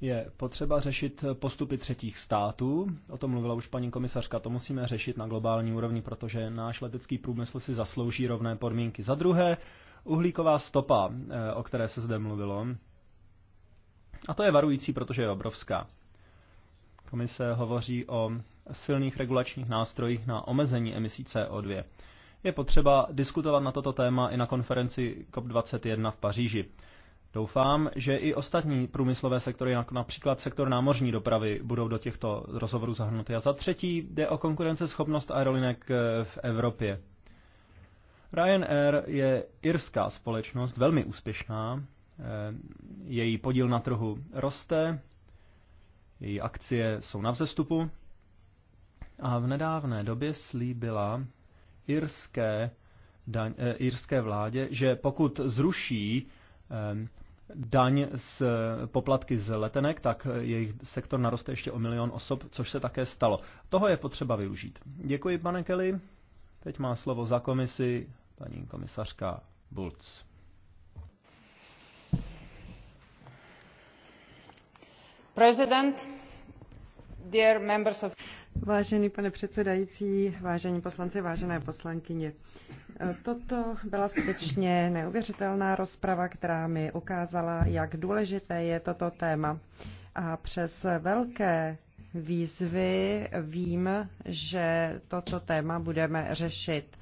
Speaker 6: Je potřeba řešit postupy třetích států, o tom mluvila už paní komisařka, to musíme řešit na globální úrovni, protože náš letecký průmysl si zaslouží rovné podmínky. Za druhé, uhlíková stopa, eh, o které se zde mluvilo. A to je varující, protože je obrovská. Komise hovoří o silných regulačních nástrojích na omezení emisí CO2. Je potřeba diskutovat na toto téma i na konferenci COP21 v Paříži. Doufám, že i ostatní průmyslové sektory, jako například sektor námořní dopravy, budou do těchto rozhovorů zahrnuty. A za třetí jde o konkurenceschopnost aerolinek v Evropě. Ryanair je irská společnost, velmi úspěšná. Eh, její podíl na trhu roste, její akcie jsou na vzestupu a v nedávné době slíbila irské, daň, eh, irské vládě, že pokud zruší eh, daň z poplatky z letenek, tak jejich sektor naroste ještě o milion osob, což se také stalo. Toho je potřeba využít. Děkuji, pane Kelly. Teď má slovo za komisi paní komisařka Bulc.
Speaker 7: President, dear members of... Vážený pane předsedající, vážení poslanci, vážené poslankyně, toto byla skutečně neuvěřitelná rozprava, která mi ukázala, jak důležité je toto téma. A přes velké výzvy vím, že toto téma budeme řešit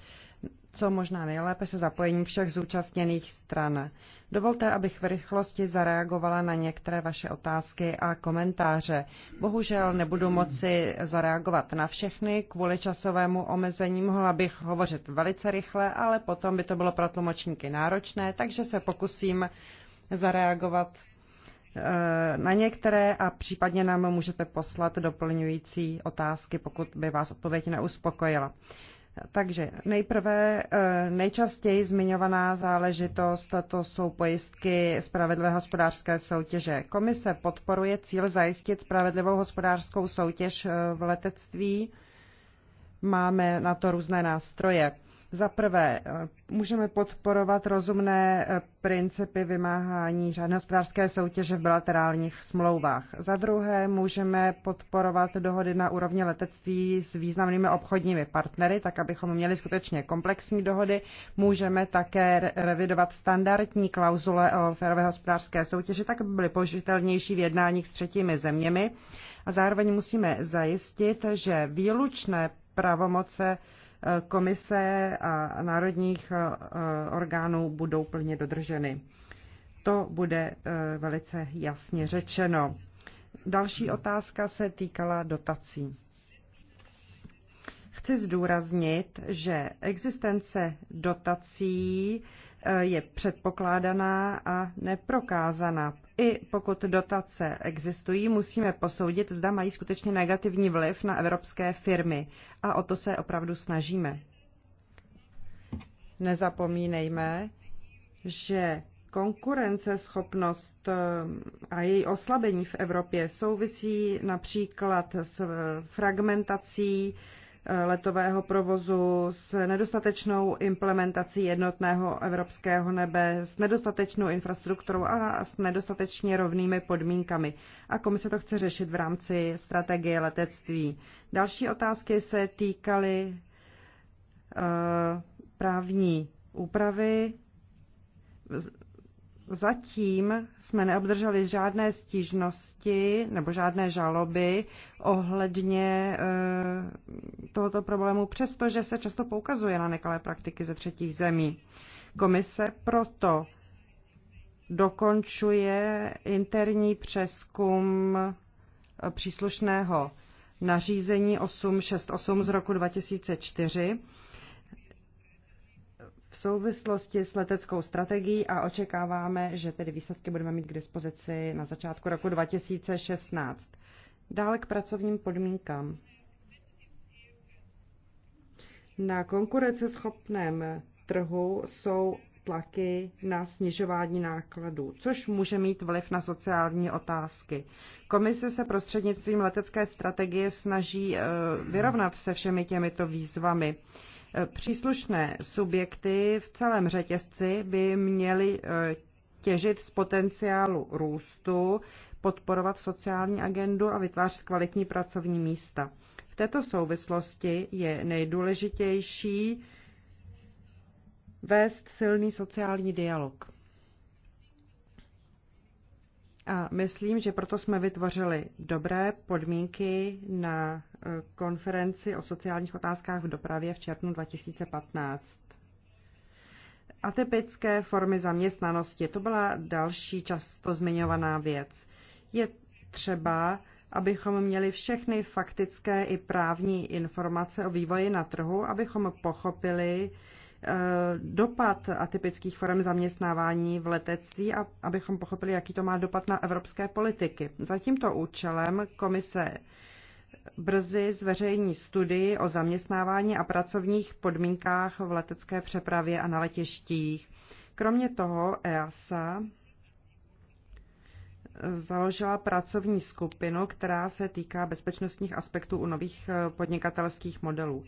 Speaker 7: co možná nejlépe se zapojením všech zúčastněných stran. Dovolte, abych v rychlosti zareagovala na některé vaše otázky a komentáře. Bohužel nebudu moci zareagovat na všechny kvůli časovému omezení. Mohla bych hovořit velice rychle, ale potom by to bylo pro tlumočníky náročné, takže se pokusím zareagovat eh, na některé a případně nám můžete poslat doplňující otázky, pokud by vás odpověď neuspokojila. Takže nejprve eh, nejčastěji zmiňovaná záležitost, to jsou pojistky spravedlivé hospodářské soutěže. Komise podporuje cíl zajistit spravedlivou hospodářskou soutěž eh, v letectví. Máme na to různé nástroje. Za prvé, eh, můžeme podporovat rozumné eh, principy vymáhání řádné hospodářské soutěže v bilaterálních smlouvách. Za druhé, můžeme podporovat dohody na úrovni letectví s významnými obchodními partnery, tak abychom měli skutečně komplexní dohody. Můžeme také revidovat standardní klauzule o férové hospodářské soutěže, tak aby byly použitelnější v jednáních s třetími zeměmi. A zároveň musíme zajistit, že výlučné pravomoce komise a národních eh, orgánů budou plně dodrženy. To bude eh, velice jasně řečeno. Další otázka se týkala dotací. Chci zdůraznit, že existence dotací Eh, je předpokládaná a neprokázaná. I pokud dotace existují, musíme posoudit, zda mají skutečně negativní vliv na evropské firmy. A o to se opravdu snažíme. Nezapomínejme, že konkurenceschopnost eh, a její oslabení v Evropě souvisí například s eh, fragmentací letového provozu, s nedostatečnou implementací jednotného evropského nebe, s nedostatečnou infrastrukturou a s nedostatečně rovnými podmínkami. A komise to chce řešit v rámci strategie letectví. Další otázky se týkaly eh, právní úpravy Zatím jsme neobdrželi žádné stížnosti nebo žádné žaloby ohledně eh, tohoto problému, přestože se často poukazuje na nekalé praktiky ze třetích zemí. Komise proto dokončuje interní přeskum eh, příslušného nařízení 868 z roku 2004 souvislosti s leteckou strategií a očekáváme, že tedy výsledky budeme mít k dispozici na začátku roku 2016. Dále k pracovním podmínkám. Na konkurenceschopném trhu jsou tlaky na snižování nákladů, což může mít vliv na sociální otázky. Komise se prostřednictvím letecké strategie snaží eh, vyrovnat se všemi těmito výzvami. Příslušné subjekty v celém řetězci by měly eh, těžit z potenciálu růstu, podporovat sociální agendu a vytvářet kvalitní pracovní místa. V této souvislosti je nejdůležitější vést silný sociální dialog. A myslím, že proto jsme vytvořili dobré podmínky na e, konferenci o sociálních otázkách v dopravě v červnu 2015. Atypické formy zaměstnanosti, to byla další často zmiňovaná věc. Je třeba, abychom měli všechny faktické i právní informace o vývoji na trhu, abychom pochopili, Eh, dopad atypických forem zaměstnávání v letectví a abychom pochopili, jaký to má dopad na evropské politiky. Za tímto účelem komise brzy zveřejní studii o zaměstnávání a pracovních podmínkách v letecké přepravě a na letištích. Kromě toho EASA založila pracovní skupinu, která se týká bezpečnostních aspektů u nových eh, podnikatelských modelů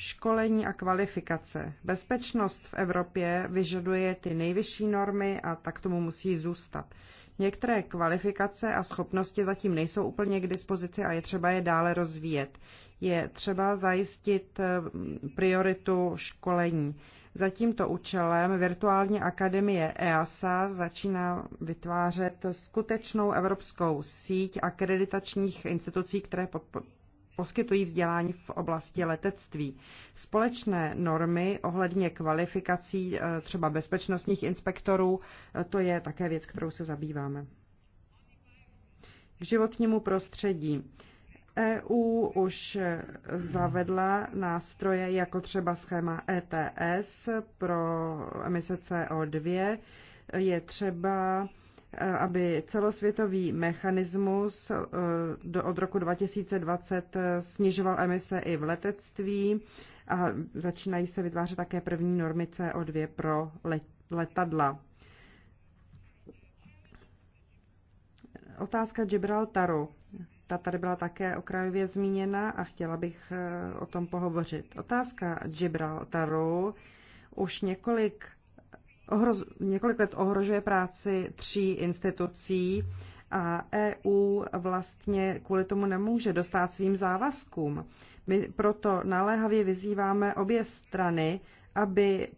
Speaker 7: školení a kvalifikace. Bezpečnost v Evropě vyžaduje ty nejvyšší normy a tak tomu musí zůstat. Některé kvalifikace a schopnosti zatím nejsou úplně k dispozici a je třeba je dále rozvíjet. Je třeba zajistit eh, prioritu školení. Za tímto účelem virtuální akademie EASA začíná vytvářet skutečnou evropskou síť akreditačních institucí, které poskytují vzdělání v oblasti letectví. Společné normy ohledně kvalifikací e, třeba bezpečnostních inspektorů, e, to je také věc, kterou se zabýváme. K životnímu prostředí. EU už zavedla nástroje jako třeba schéma ETS pro emise CO2. Je třeba Eh, aby celosvětový mechanismus eh, do, od roku 2020 eh, snižoval emise i v letectví a začínají se vytvářet také první normy CO2 pro letadla. Otázka Gibraltaru. Ta tady byla také okrajově zmíněna a chtěla bych o tom pohovořit. Otázka Gibraltaru už několik ohroz, několik let ohrožuje práci tří institucí a EU vlastně kvůli tomu nemůže dostat svým závazkům. My proto naléhavě vyzýváme obě strany, aby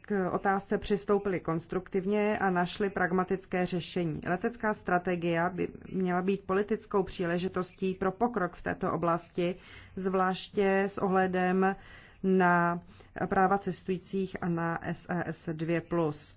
Speaker 7: k otázce přistoupili konstruktivně a našli pragmatické řešení. Letecká strategie by měla být politickou příležitostí pro pokrok v této oblasti, zvláště s ohledem na práva cestujících a na SES 2+.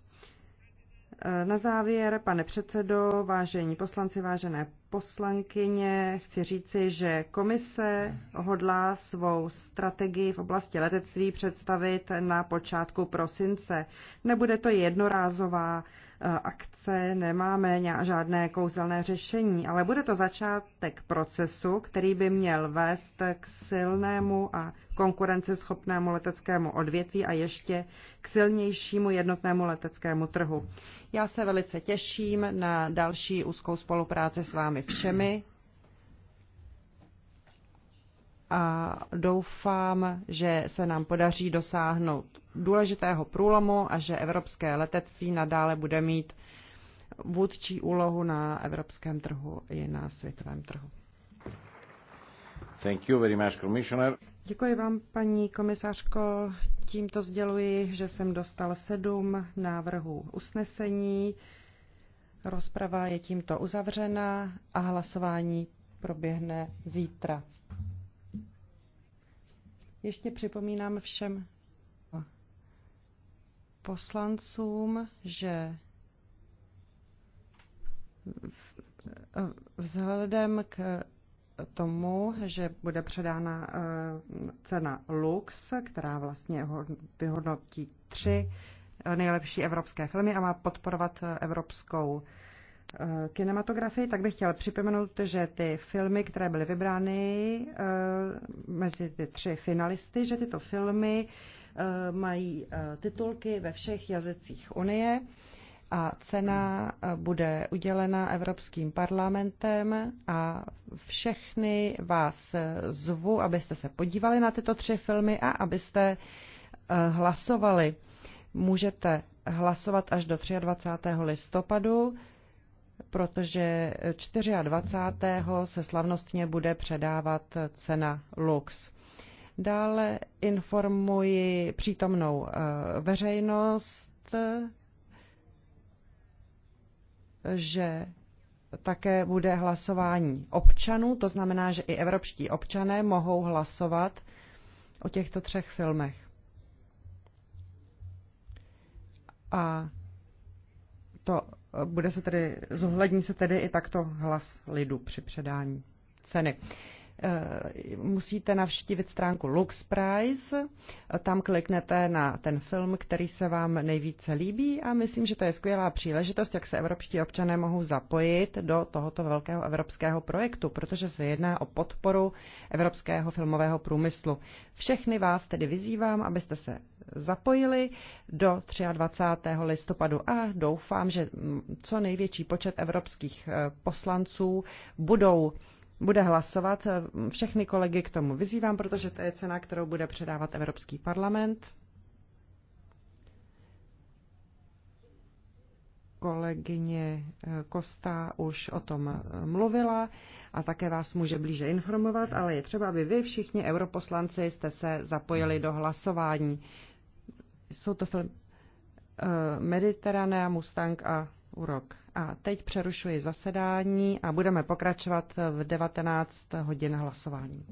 Speaker 7: E na závěr, pane předsedo, vážení poslanci, vážené poslankyně, chci říci, že komise hodlá svou strategii v oblasti letectví představit na počátku prosince. Nebude to jednorázová Eh, akce, nemáme žádné kouzelné řešení, ale bude to začátek procesu, který by měl vést k silnému a konkurenceschopnému leteckému odvětví a ještě k silnějšímu jednotnému leteckému trhu. Já se velice těším na další úzkou spolupráci s vámi všemi a doufám, že se nám podaří dosáhnout důležitého průlomu a že evropské letectví nadále bude mít vůdčí úlohu na evropském trhu i na světovém trhu.
Speaker 5: Thank you very much, commissioner.
Speaker 7: Děkuji vám, paní komisařko. Tímto sděluji, že jsem dostal sedm návrhů usnesení. Rozprava je tímto uzavřena a hlasování proběhne zítra. Ještě připomínám všem poslancům, že vzhledem k tomu, že bude předána eh, cena Lux, která vlastně vyhodnotí tři nejlepší evropské filmy a má podporovat evropskou eh, kinematografii, tak bych chtěl připomenout, že ty filmy, které byly vybrány eh, mezi ty tři finalisty, že tyto filmy Eh, mají eh, titulky ve všech jazycích Unie a cena eh, bude udělena Evropským parlamentem a všechny vás zvu, abyste se podívali na tyto tři filmy a abyste hlasovali. Můžete hlasovat až do 23. listopadu, protože 24. se slavnostně bude předávat cena Lux. Dále informuji přítomnou eh, veřejnost, že také bude hlasování občanů, to znamená, že i evropští občané mohou hlasovat o těchto třech filmech. A to eh, bude se tedy, zohlední se tedy i takto hlas lidu při předání ceny. Eh, musíte navštívit stránku Lux Prize, tam kliknete na ten film, který se vám nejvíce líbí a myslím, že to je skvělá příležitost, jak se evropští občané mohou zapojit do tohoto velkého evropského projektu, protože se jedná o podporu evropského filmového průmyslu. Všechny vás tedy vyzývám, abyste se zapojili do 23. listopadu a doufám, že mm, co největší počet evropských eh, poslanců budou bude hlasovat. Všechny kolegy k tomu vyzývám, protože to je cena, kterou bude předávat Evropský parlament. kolegyně Kosta už o tom mluvila a také vás může blíže informovat, ale je třeba, aby vy všichni europoslanci jste se zapojili do hlasování. Jsou to film eh, Mediterranea, Mustang a Urok. A teď přerušuji zasedání a budeme pokračovat v 19 hodin hlasováním.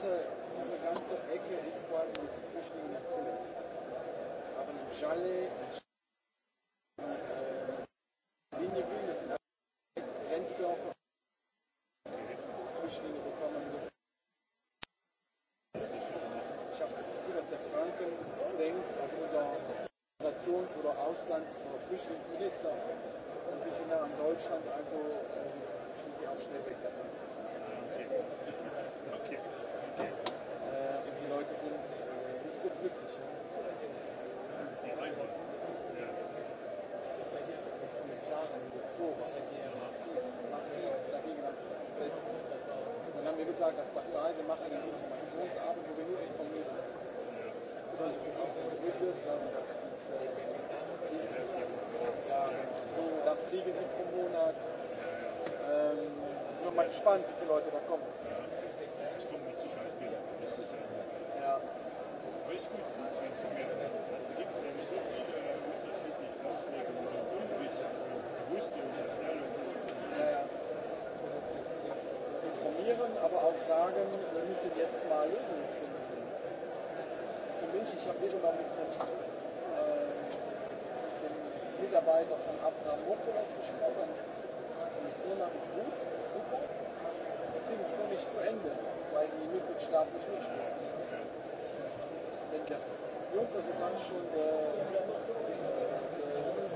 Speaker 4: ganze, diese ganze Ecke ist quasi mit Flüchtlingen erzählt. Wir haben in Jalle, in machen eine Informationsarbeit, wo wir nur informieren müssen. das, so das kriegen die pro Monat. Ähm, ich bin mal gespannt, wie viele Leute da kommen. sagen, wir müssen jetzt mal Lösungen finden. Zumindest, ich habe eben mal mit einem, äh, mit dem Mitarbeiter von Abraham Mokolas gesprochen. Die Kommission macht es gut, ist super. Sie kriegen es nur nicht zu Ende, weil die Mitgliedstaaten nicht mitspielen. Denn der Juncker sogar schon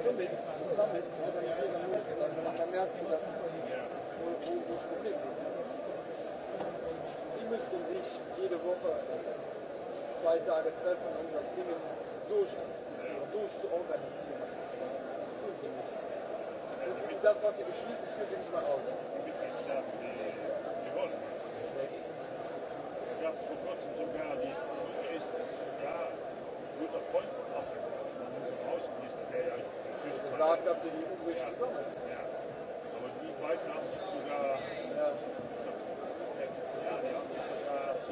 Speaker 4: Summits, Summits organisieren muss, dann merkst du, dass wo, wo das Problem liegt müssten sich jede Woche zwei Tage treffen, um das Ding durchzuziehen, durchzuorganisieren. Das tun sie nicht. Und das, was sie beschließen, führen sie nicht mal aus. Ich habe die gesagt hat, die EU-Berichte ja, sammelt. Ja. Aber die beiden haben sich sogar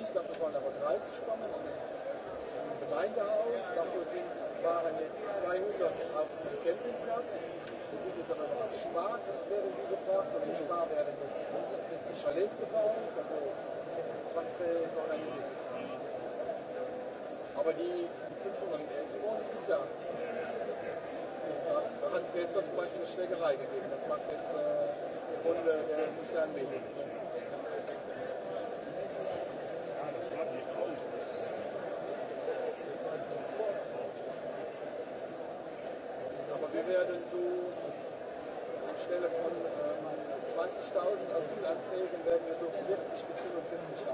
Speaker 4: Gespräch. Ich glaube, wir wollen aber 30 Spannen im Gemeindehaus. Dafür sind, waren jetzt 200 auf dem Campingplatz. Wir sind jetzt aber noch auf Spar, werden die gebracht. Und in Spar werden jetzt Chalets gebaut. Also, was äh, ist organisiert ist. Aber die 500 Elsenborn sind da. Da hat es gestern zum Beispiel eine Schlägerei gegeben. Das macht jetzt äh, eine Runde der äh, sozialen Medien. werden so anstelle von äh, 20.000 Asylanträgen werden wir so 40 bis 45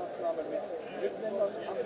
Speaker 4: Maßnahmen mit Drittländern